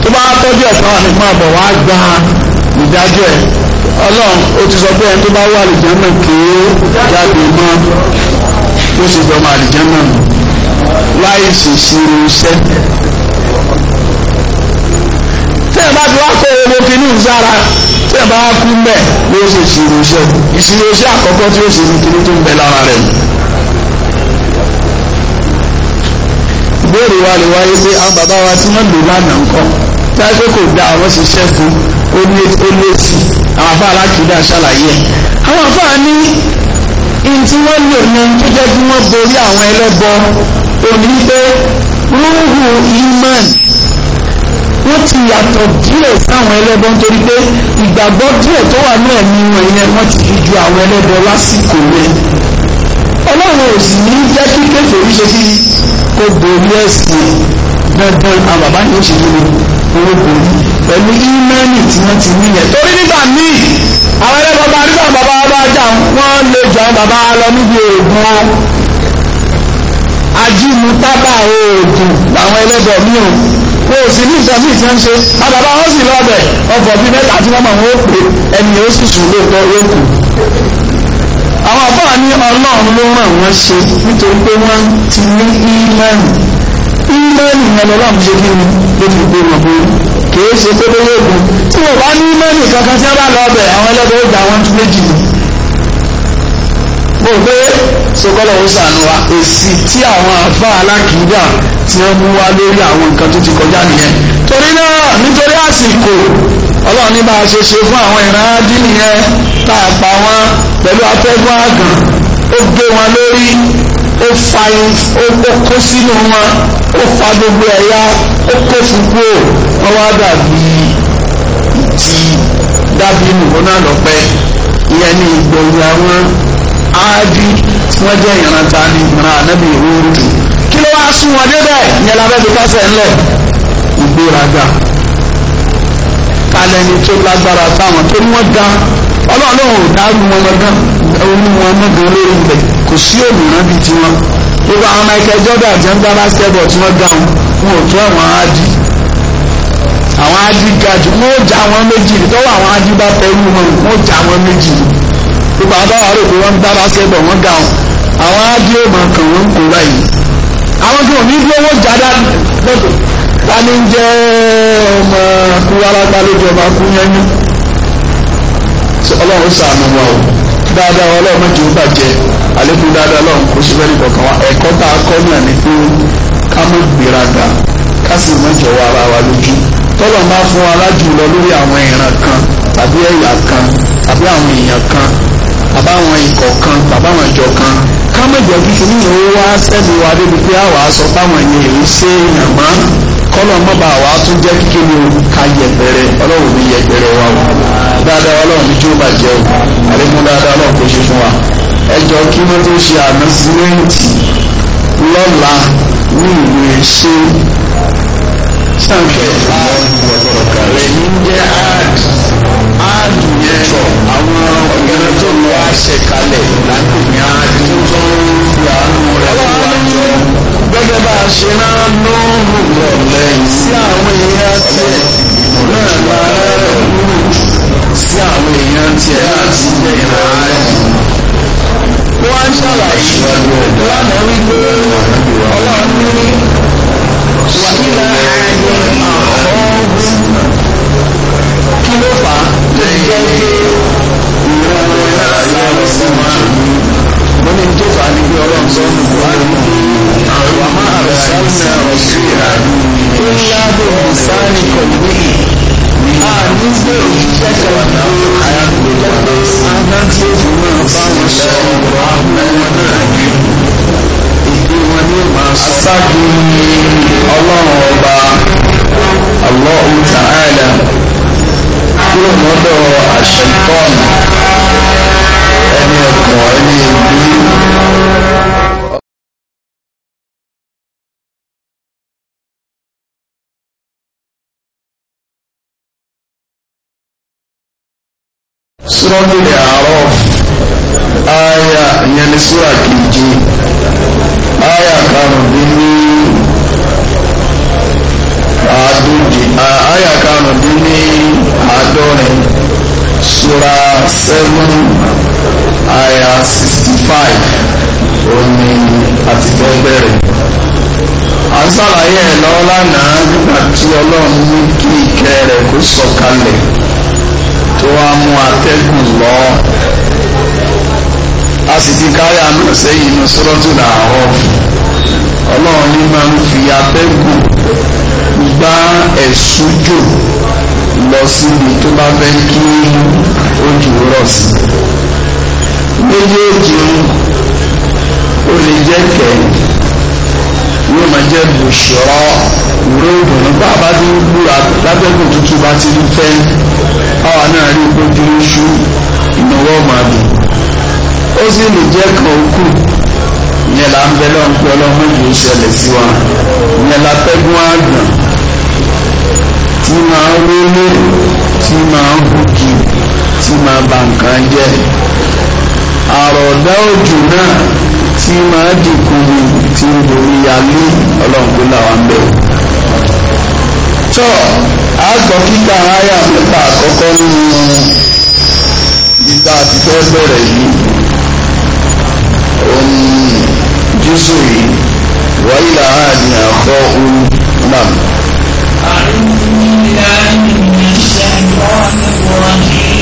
tó bá tọ́jú ẹ̀ sáwọn nípa àbọ̀ wá gba ìdájọ́ ẹ̀ ọlọ́run ó ti sọ pé ẹni tó bá wà àlìjáná kéé jáde mọ́ ó sì gbọmọ àlìjáná láì sì sí irunṣẹ́ tẹ́ ẹ bá ti wá kó owó kínní sára tẹ́ ẹ bá kú mẹ́ ló sì sí irunṣẹ́ ìṣirò iṣẹ́ àkọ́kọ́ tí ó sì ní kínní tó ń bẹ lára rẹ̀ yìí. ìbéèrè wa lè wáyé pé àwọn bàbá wa tí wọ́n lò lánàá nǹkan tí a ṣe kò da àwọn ṣiṣẹ́ fún ó lé ó lé sí àwọn afá alákìídá ṣàlàyé ẹ̀ àwọn afá ní ihun tí wọ́n lò ní tó jẹ́ kí wọ́n borí àwọn ẹlẹ́bọ òní pé rúhù iman wọ́n ti yàtọ̀ díẹ̀ sáwọn ẹlẹ́bọ nítorí pé ìgbàgbọ́ díẹ̀ tó wà ní ẹ̀mí wọn yẹn wọ́n ti fi ju àwọn ẹlẹ́bọ lásìkò rẹ̀ ọlọ́run ò sì ní jẹ́ kí kékeré ṣe bí fẹ́ borí ẹ̀sìn dandan àwọn bàbá yóò ṣe lórí owó borí pẹ̀lú ímẹ́ẹ̀lì tí wọ́n ti níyẹn. torí nígbà míì àwọn ẹlẹ́gbọ́n bá nígbà bàbá wa bá jà wọ́n lè jọ bàbá lọ níbi oògùn ajínigbábà oògùn làwọn ẹlẹ́gbọ́n míì o kò sí ní nǹkan míì tí wọ́n ń ṣe àbàbà wọn sì lọ́ọ̀bẹ̀ ọkọ̀ bíi mẹ́ta tí wọ́n mọ̀ wọ́n ó pè ẹni yóò sì sùn lóòótọ́ yóò kù àwọn àbá ní ọlọ́run ló ràn wọ́n ṣe nítorí pé wọ́n ti ní ìmánì ìmánì yẹn lọ́lọ́run ṣe kí ni ló fi gbé wọn bó kìí ṣe pé lóye ògùn tí wọ́n bá ní ìmánì kankan tí wọ́n bá lọ bẹ̀ àwọn ẹlẹ́gbẹ̀ẹ́ ó gbà wọn tún méjì nù mo gbé sokolo ń sànù wa èsì tí àwọn afa alákìíyà tí wọ́n mú wá lórí àwọn nǹkan tó ti kọjá nìyẹn torí náà nítorí àsìkò ọlọ́run ní bá a ṣe ṣe fún àwọn ìran ádì nìyẹn tá a pa wọn pẹ̀lú atẹ́gùn àgàn ó gé wọn lórí ó fa ó kó sínú wọn ó fa gbogbo ẹ̀yà ó kó fúgbó wọn wá dàbí ti dábìlì wọn náà lọ pẹ́ ìyẹn ní ìgbòho àwọn áádì tí wọ́n jẹ́ ìran ta ni ìran ànábì ìhóòrùtù kí ló wá sún wọn débẹ̀ ìyẹn la fẹ́ fi kásẹ̀ ńlẹ̀ ìgbéraga kalẹ̀ni tó lágbára táwọn tó ní wọ́n ga ọlọ́run ò dárú wọn lọ́gán orí wọn mọ́gbọ́n lórí ibẹ̀ kò sí òmìnira bíi tiwọn gbogbo àwọn Michael Jordan jẹ́ ń gbá basketball tí wọ́n ga wọn wọn ò tó àwọn áádì àwọn áádì ga jù wọn ò já wọn méjì tó wà àwọn áádì bá pẹ̀lú wọn wọn ò já wọn méjì yìí gbogbo àwọn táwọn àrò pé wọ́n ń gbá basketball wọ́n ga wọn àwọn ádìó mọ̀ kàn wọ́n kó báyìí àwọn tó ní bí owó jáde lọ́dọ̀ ta ni ń jẹ́ ọmọ kúwárátá lójú ọba kú yẹnyí ọlọ́run ṣàánú wa o dáadáa ọlọ́run kì í bàjẹ́ àlékún dáadáa ọlọ́run kò sí fẹ́ẹ́ kọ̀ọ̀kan wa ẹ̀kọ́ tá a kọ́ ní àná pé ká mú gbéraga ká sì má jọ̀wọ́ ara wa lójú tọ́lọ̀ máa fún wa lájùlọ lórí àwọn ìran kan tàbí ẹ̀yà kan tàbí àwọn èèyàn kan àbáwọn ikọ̀ kan àbáwọn ìjọ kan ká má jẹ́ kí kìíní ìwé wá sẹ́nu wa débi pé àwa sọ fáwọn ènìyàn èyí ṣe yàmá kọ́lọ̀ má bàa wá tún jẹ́ kíkéde ká yẹpẹrẹ ọlọ́run ní yẹpẹrẹ wa o dáadáa ọlọ́run ní tí ó bàjẹ́ o àlékún dáadáa ọlọ́run kò ṣe fún wa ẹ jọ kí wọ́n tó ṣe àmì símẹ́ǹtì lọ́la ní ìlú ṣe sàǹkẹ̀ ọ̀gbọ̀n kàlẹ́ ní jẹ́ áàdì áàdì yẹn àwọn ṣe kalẹ̀ láti ní tó ń fi àánú rẹ̀ wá. Gẹ́gẹ́ bá a ṣe máa ń lọ rúbọ̀ sí àwọn èèyàn tiẹ̀ náà lára rẹ̀ rú sí àwọn èèyàn tiẹ̀ láti bẹ̀rẹ̀ rẹ̀. Wọ́n ń ṣàlàyé lánàá wípé ọlọ́run ní wàhálà ààyè àwọn ọ̀hún kí ló fà á lẹ́yìn وما أرسلنا رسولا إلا بلسان قومه àdúgbò ìjẹ́kọ̀ọ́ àgbà tí ó fún náà bá wọn sọ ọ̀rọ̀ àwọn ọmọ náà ní ìpín wọn ní máa sọ. aṣáájú ni ọlọ́run ọba Allahu Ta'ala kúrò lọ́dọ̀ àṣẹ tọ́ọ̀nù ẹni ọkọ̀ ẹni ìlú. sọ́tìlẹ̀ àárọ̀ àyà ìyẹn ní súrà kejì àyà karùndínlẹ́ àádóje àyà karùndínlẹ́ àádọ́rin súrà seven àyà sixty five òní àti bẹ̀rẹ̀ à ẹ̀ lọ́wọ́ lánàá nígbà tí ọlọ́run ní kí ìkẹ́ rẹ̀ kó sọ̀kalẹ̀ tó wá mú atẹ́gùn lọ a sì ti káyà náà sẹ́yìn inú sọ́rọ́tù làárọ̀ ọlọ́run ní máa ń fi atẹ́gùn gbá ẹ̀sùn jò lọ síbi tó bá fẹ́ kí ojú rọ̀ sí méjèèjì ó lè jẹ́ kẹ̀yìn yóò máa jẹ́ bùṣọ́ ìró ìdùnnú bá a bá dé gbúra lábẹ́gùn tuntun bá ti fẹ́ báwa náà rí ojú iṣu ìnáwó máa dùn ó sì lè jẹ́ kan kù ìyẹn là ń bẹ lọ́n pé ọlọ́mọ yìí ń ṣẹlẹ̀ sí wa ìyẹn la tẹ́gùn àgbọ̀n tí máa ń rólé tí máa ń hùkì tí máa bà nǹkan jẹ́ àròdá òjò náà tí máa dìkùn tí ń borí yálé ọlọ́run kó làwọn bẹ̀rù tó àgbọ̀ kíkà àyà mẹ́ta àkọ́kọ́ nínú ìta àti fẹ́ bẹ̀rẹ̀ yìí òun jésù yìí wáyé làáàdì àkọ́ òun náà. أعوذ بالله من الشيطان الرجيم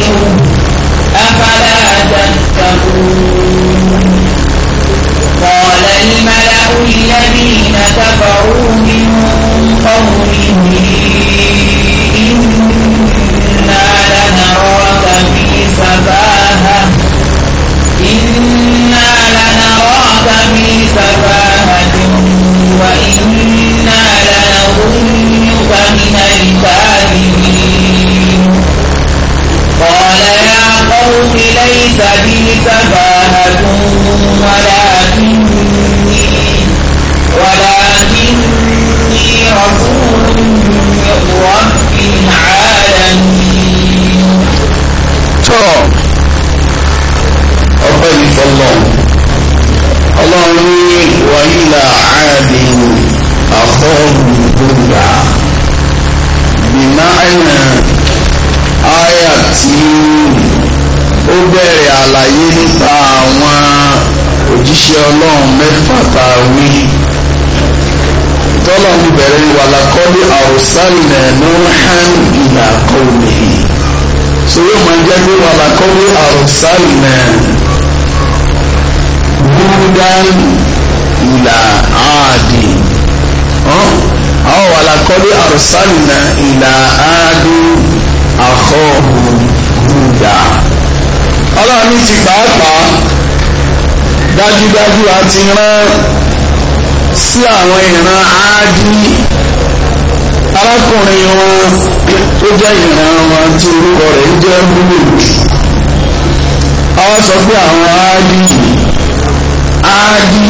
أفلا تتقون قال الملأ الذين كفروا من قومه إنا لنراك في سفاهة إنا لنراك في سفاهة وإنا سبي سفاهة ولكني ولكني رسول من رب العالمين ọpẹ́ yìí fọlọ́ ọlọ́run ní wàhílà àádìí àkọ́ọ̀bù gbòǹgà bìnà àyà tí ó bẹ̀rẹ̀ àlàyé nípa àwọn òjíṣẹ́ ọlọ́run mẹ́fà tá a wí tọ́lọ̀ ń bẹ̀rẹ̀ wàlàkọ́lé àrùsálìnà nùhán ìlà kọ́ọ̀mì so yóò máa jẹ́ pé wàlàkọ́lé àrùsálìnà búdán ìlà áàdì àwọn wàlàkọ́lé àrùsálìnà ìlà áàdì àkọ́ọ̀mù búdán ọlọ́run ti pàápàá dájúdájú àti rán sí àwọn ìran áádí arákùnrin wọn tó jẹ́ ìran wọn tí orúkọ rẹ̀ ń jẹ́ búlùkì àwọn sọ pé àwọn áádí áádí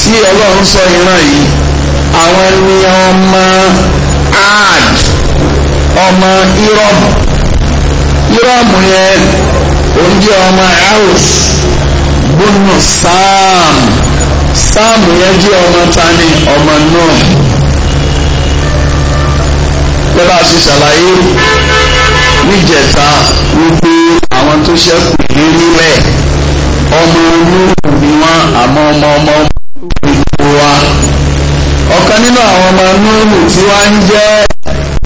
tí ọlọ́run sọ ìran yìí àwọn ẹni ọmọ áàd ọmọ irọ́mù irọ́mù yẹn oúnjẹ ọmọ Aus gbóná Sam Sam yẹn jẹ́ ọmọ tani ọmọ náà lọ́ba ṣe ṣàlàyé níjẹta wípé àwọn tó ṣẹ́kù nílẹ̀ ọmọ olóògùn ni wọ́n àmọ́ ọmọ ọmọ ìlú wa ọ̀kan nínú àwọn ọmọ olóògùn tí wọ́n ń jẹ́